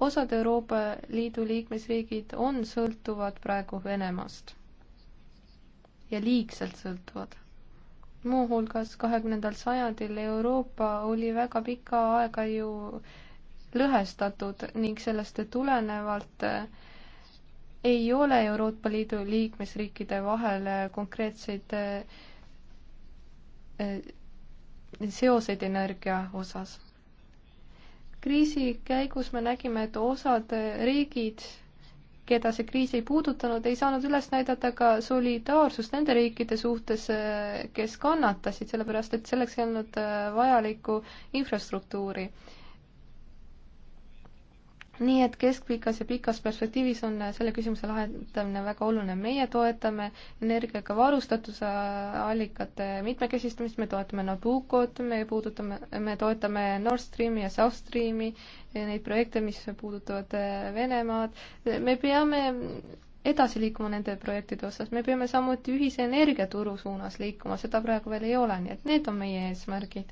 osad Euroopa Liidu liikmesriigid on sõltuvad praegu Venemaast ja liigselt sõltuvad. muuhulgas kahekümnendal sajandil Euroopa oli väga pikka aega ju lõhestatud ning sellest tulenevalt äh, ei ole Euroopa Liidu liikmesriikide vahel äh, konkreetseid äh, äh, seoseid energia osas. kriisi käigus me nägime, et osad riigid keda see kriis ei puudutanud, ei saanud üles näidata ka solidaarsust nende riikide suhtes, kes kannatasid, sellepärast et selleks ei olnud vajalikku infrastruktuuri nii et keskpikas ja pikas perspektiivis on selle küsimuse lahendamine väga oluline. meie toetame energiaga varustatuse allikate mitmekesistamist, me toetame Nabucot, me puudutame, me toetame Nord Streami ja South Streami, neid projekte, mis puudutavad äh, Venemaad. me peame edasi liikuma nende projektide osas, me peame samuti ühise energiaturu suunas liikuma, seda praegu veel ei ole, nii et need on meie eesmärgid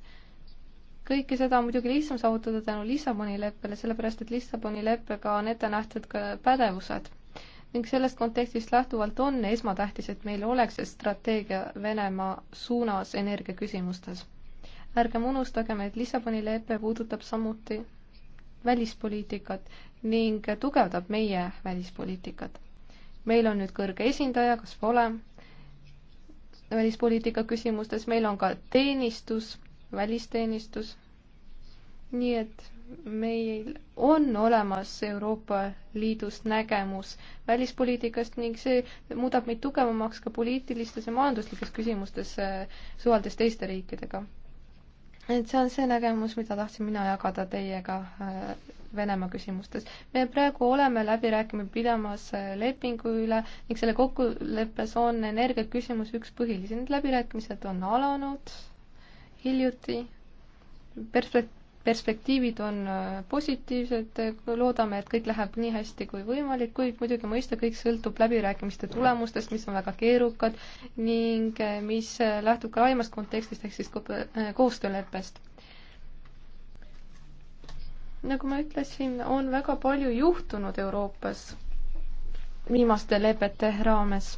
kõike seda on muidugi lihtsam saavutada tänu Lissaboni leppele, sellepärast et Lissaboni leppega on ette nähtud ka pädevused. ning sellest kontekstist lähtuvalt on esmatähtis, et meil oleks strateegia Venemaa suunas energiaküsimustes. ärgem unustagem, et Lissaboni lepe puudutab samuti välispoliitikat ning tugevdab meie välispoliitikat. meil on nüüd kõrge esindaja, kas pole, välispoliitika küsimustes, meil on ka teenistus välisteenistus. nii et meil on olemas Euroopa Liidust nägemus välispoliitikast ning see muudab meid tugevamaks ka poliitilistes ja majanduslikes küsimustes äh, suheldes teiste riikidega. et see on see nägemus, mida tahtsin mina jagada teiega äh, Venemaa küsimustes. me praegu oleme läbirääkimine pidamas äh, lepingu üle ning selle kokkuleppes on energiaküsimus üks põhilisi. Need läbirääkimised on alanud hiljuti. Perspekt-, perspektiivid on äh, positiivsed, loodame, et kõik läheb nii hästi kui võimalik, kuid muidugi mõista, kõik sõltub läbirääkimiste tulemustest, mis on väga keerukad ning äh, mis äh, lähtub ka laiemast kontekstist ehk siis koostööleppest. nagu ma ütlesin, on väga palju juhtunud Euroopas viimaste lepete raames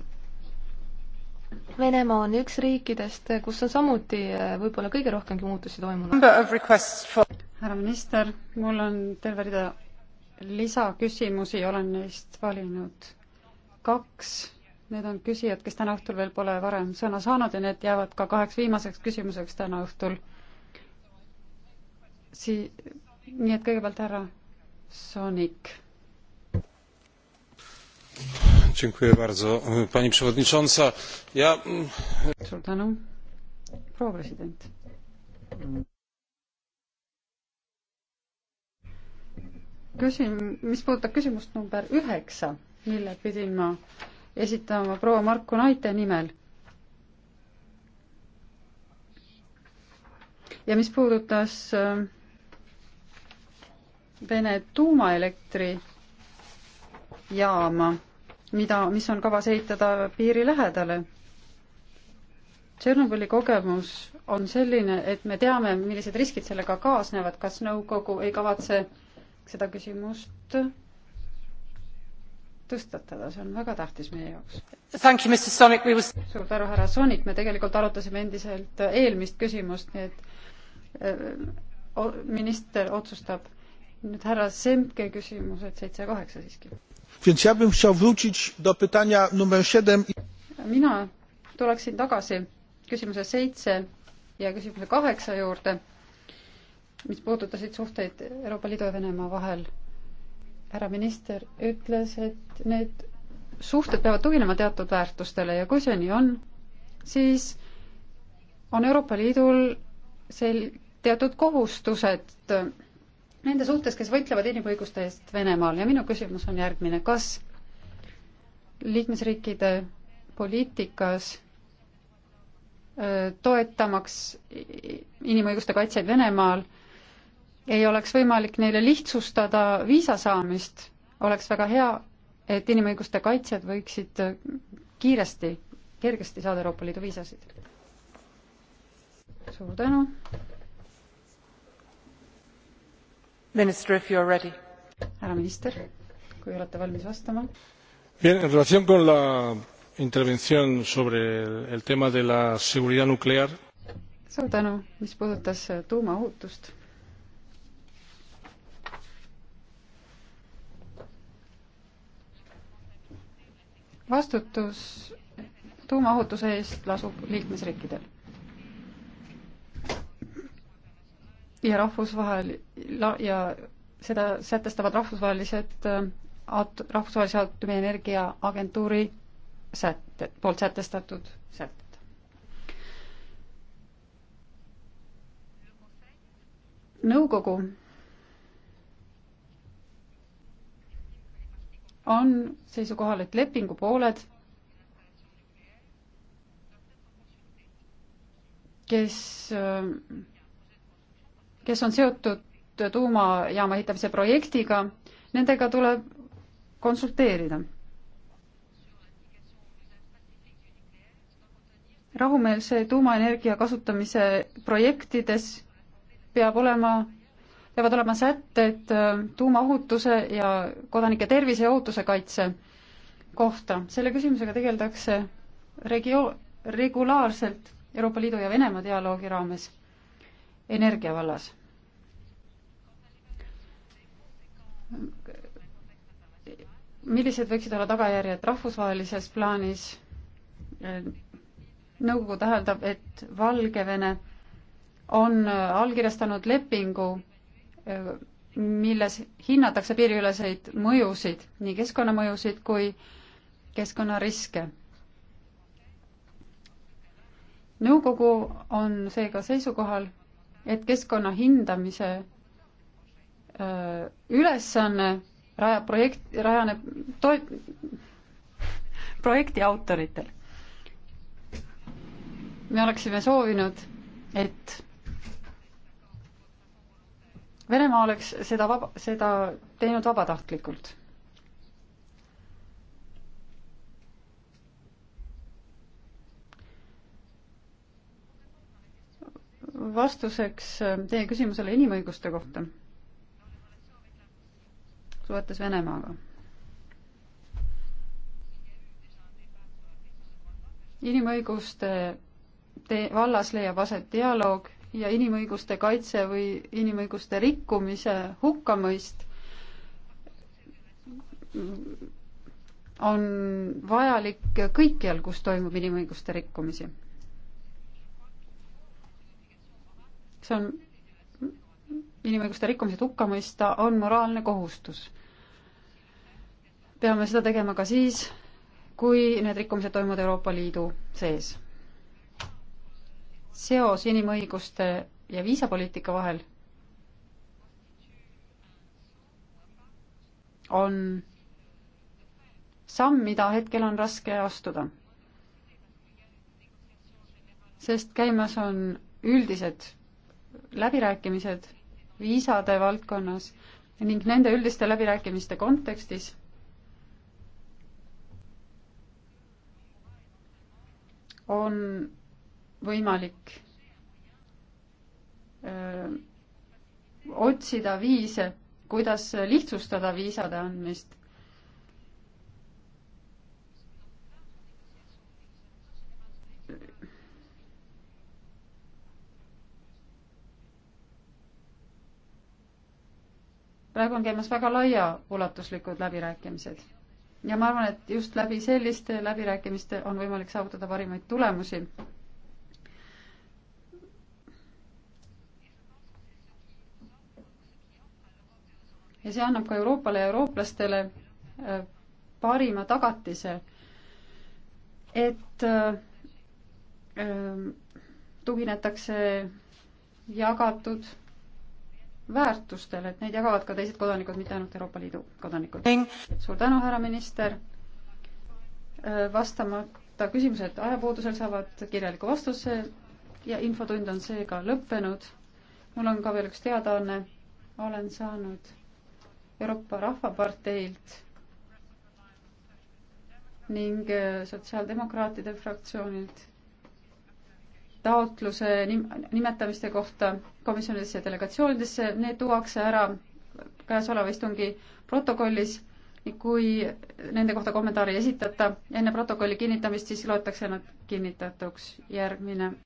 Venemaa on üks riikidest, kus on samuti eh, võib-olla kõige rohkemgi muutusi toimunud. härra minister, mul on terve rida lisaküsimusi, olen neist valinud kaks. Need on küsijad, kes täna õhtul veel pole varem sõna saanud ja need jäävad ka kaheks viimaseks küsimuseks täna õhtul. Sii-, nii et kõigepealt härra Soonik pani przewodnicząca! Ja... Mm, suur tänu proua president! küsin mis puudutab küsimust number üheksa mille pidin ma esitama proua Marku Naite nimel ja mis puudutas äh, Vene tuumaelektrijaama mida, mis on kavas ehitada piiri lähedale. Tšernobõli kogemus on selline, et me teame, millised riskid sellega kaasnevad, kas nõukogu ei kavatse seda küsimust tõstatada, see on väga tähtis meie jaoks. Was... suur tänu, härra Soonik, me tegelikult arutasime endiselt eelmist küsimust, nii et äh, minister otsustab. nüüd härra Semke küsimused seitse ja kaheksa siiski Więc ja bym chciał wrócić do pytania numer 7. Mina tuleksin tagasi küsimuse seitse ja küsimuse kaheksa juurde, mis puudutasid suhteid Euroopa Liidu ja Venemaa vahel. härra minister ütles, et need suhted peavad tuginema teatud väärtustele ja kui see nii on, siis on Euroopa Liidul sel-, teatud kohustused nende suhtes, kes võitlevad inimõiguste eest Venemaal ja minu küsimus on järgmine, kas liikmesriikide poliitikas äh, toetamaks inimõiguste kaitseid Venemaal ei oleks võimalik neile lihtsustada viisa saamist, oleks väga hea, et inimõiguste kaitsjad võiksid äh, kiiresti, kergesti saada Euroopa Liidu viisasid. suur tänu! härra minister, kui olete valmis vastama. Bien, en relación con la intervención sobre el tema de la seguridad nuclear. suur tänu, mis puudutas äh, tuumaohutust vastutus tuumaohutuse eest lasub liikmesriikidel ja rahvusvahel- ja seda sätestavad rahvusvahelised äh, at-, Rahvusvahelise Aatomienergia Agentuuri sätted, poolt sätestatud sätted. nõukogu on seisukohal, et lepingupooled, kes äh, kes on seotud tuumajaama ehitamise projektiga, nendega tuleb konsulteerida. rahumeelse tuumaenergia kasutamise projektides peab olema, peavad olema sätted äh, tuumaohutuse ja kodanike tervise ja ohutuse kaitse kohta. selle küsimusega tegeldakse regio-, regulaarselt Euroopa Liidu ja Venemaa dialoogi raames energia vallas millised võiksid olla tagajärjed rahvusvahelises plaanis? nõukogu täheldab, et Valgevene on allkirjastanud lepingu, milles hinnatakse piiriüleseid mõjusid, nii keskkonnamõjusid kui keskkonnariske. nõukogu on seega seisukohal, et keskkonna hindamise Äh, ülesanne rajab projekt, rajaneb toit, projekti autoritel. me oleksime soovinud, et Venemaa oleks seda vaba, seda teinud vabatahtlikult vastuseks äh, teie küsimusele inimõiguste kohta suhetes Venemaaga. inimõiguste te-, vallas leiab aset dialoog ja inimõiguste kaitse või inimõiguste rikkumise hukkamõist on vajalik kõikjal, kus toimub inimõiguste rikkumisi. see on inimõiguste rikkumised hukka mõista, on moraalne kohustus. peame seda tegema ka siis, kui need rikkumised toimuvad Euroopa Liidu sees. seos inimõiguste ja viisapoliitika vahel on samm, mida hetkel on raske astuda. sest käimas on üldised läbirääkimised viisade valdkonnas ning nende üldiste läbirääkimiste kontekstis on võimalik öö, otsida viise, kuidas lihtsustada viisade andmist. praegu on käimas väga laiaulatuslikud läbirääkimised. ja ma arvan, et just läbi selliste läbirääkimiste on võimalik saavutada parimaid tulemusi. ja see annab ka Euroopale ja eurooplastele äh, parima tagatise, et äh, äh, tuginetakse jagatud väärtustel, et neid jagavad ka teised kodanikud, mitte ainult Euroopa Liidu kodanikud. suur tänu, härra minister. Äh, vastamata küsimused ajapuudusel saavad kirjaliku vastuse ja infotund on seega lõppenud. mul on ka veel üks teadaanne. olen saanud Euroopa Rahvaparteilt ning äh, Sotsiaaldemokraatide fraktsioonilt taotluse nim-, nimetamiste kohta komisjonidesse ja delegatsioonidesse, need tuuakse ära käesoleva istungi protokollis kui nende kohta kommentaari ei esitata enne protokolli kinnitamist, siis loetakse nad kinnitatuks. järgmine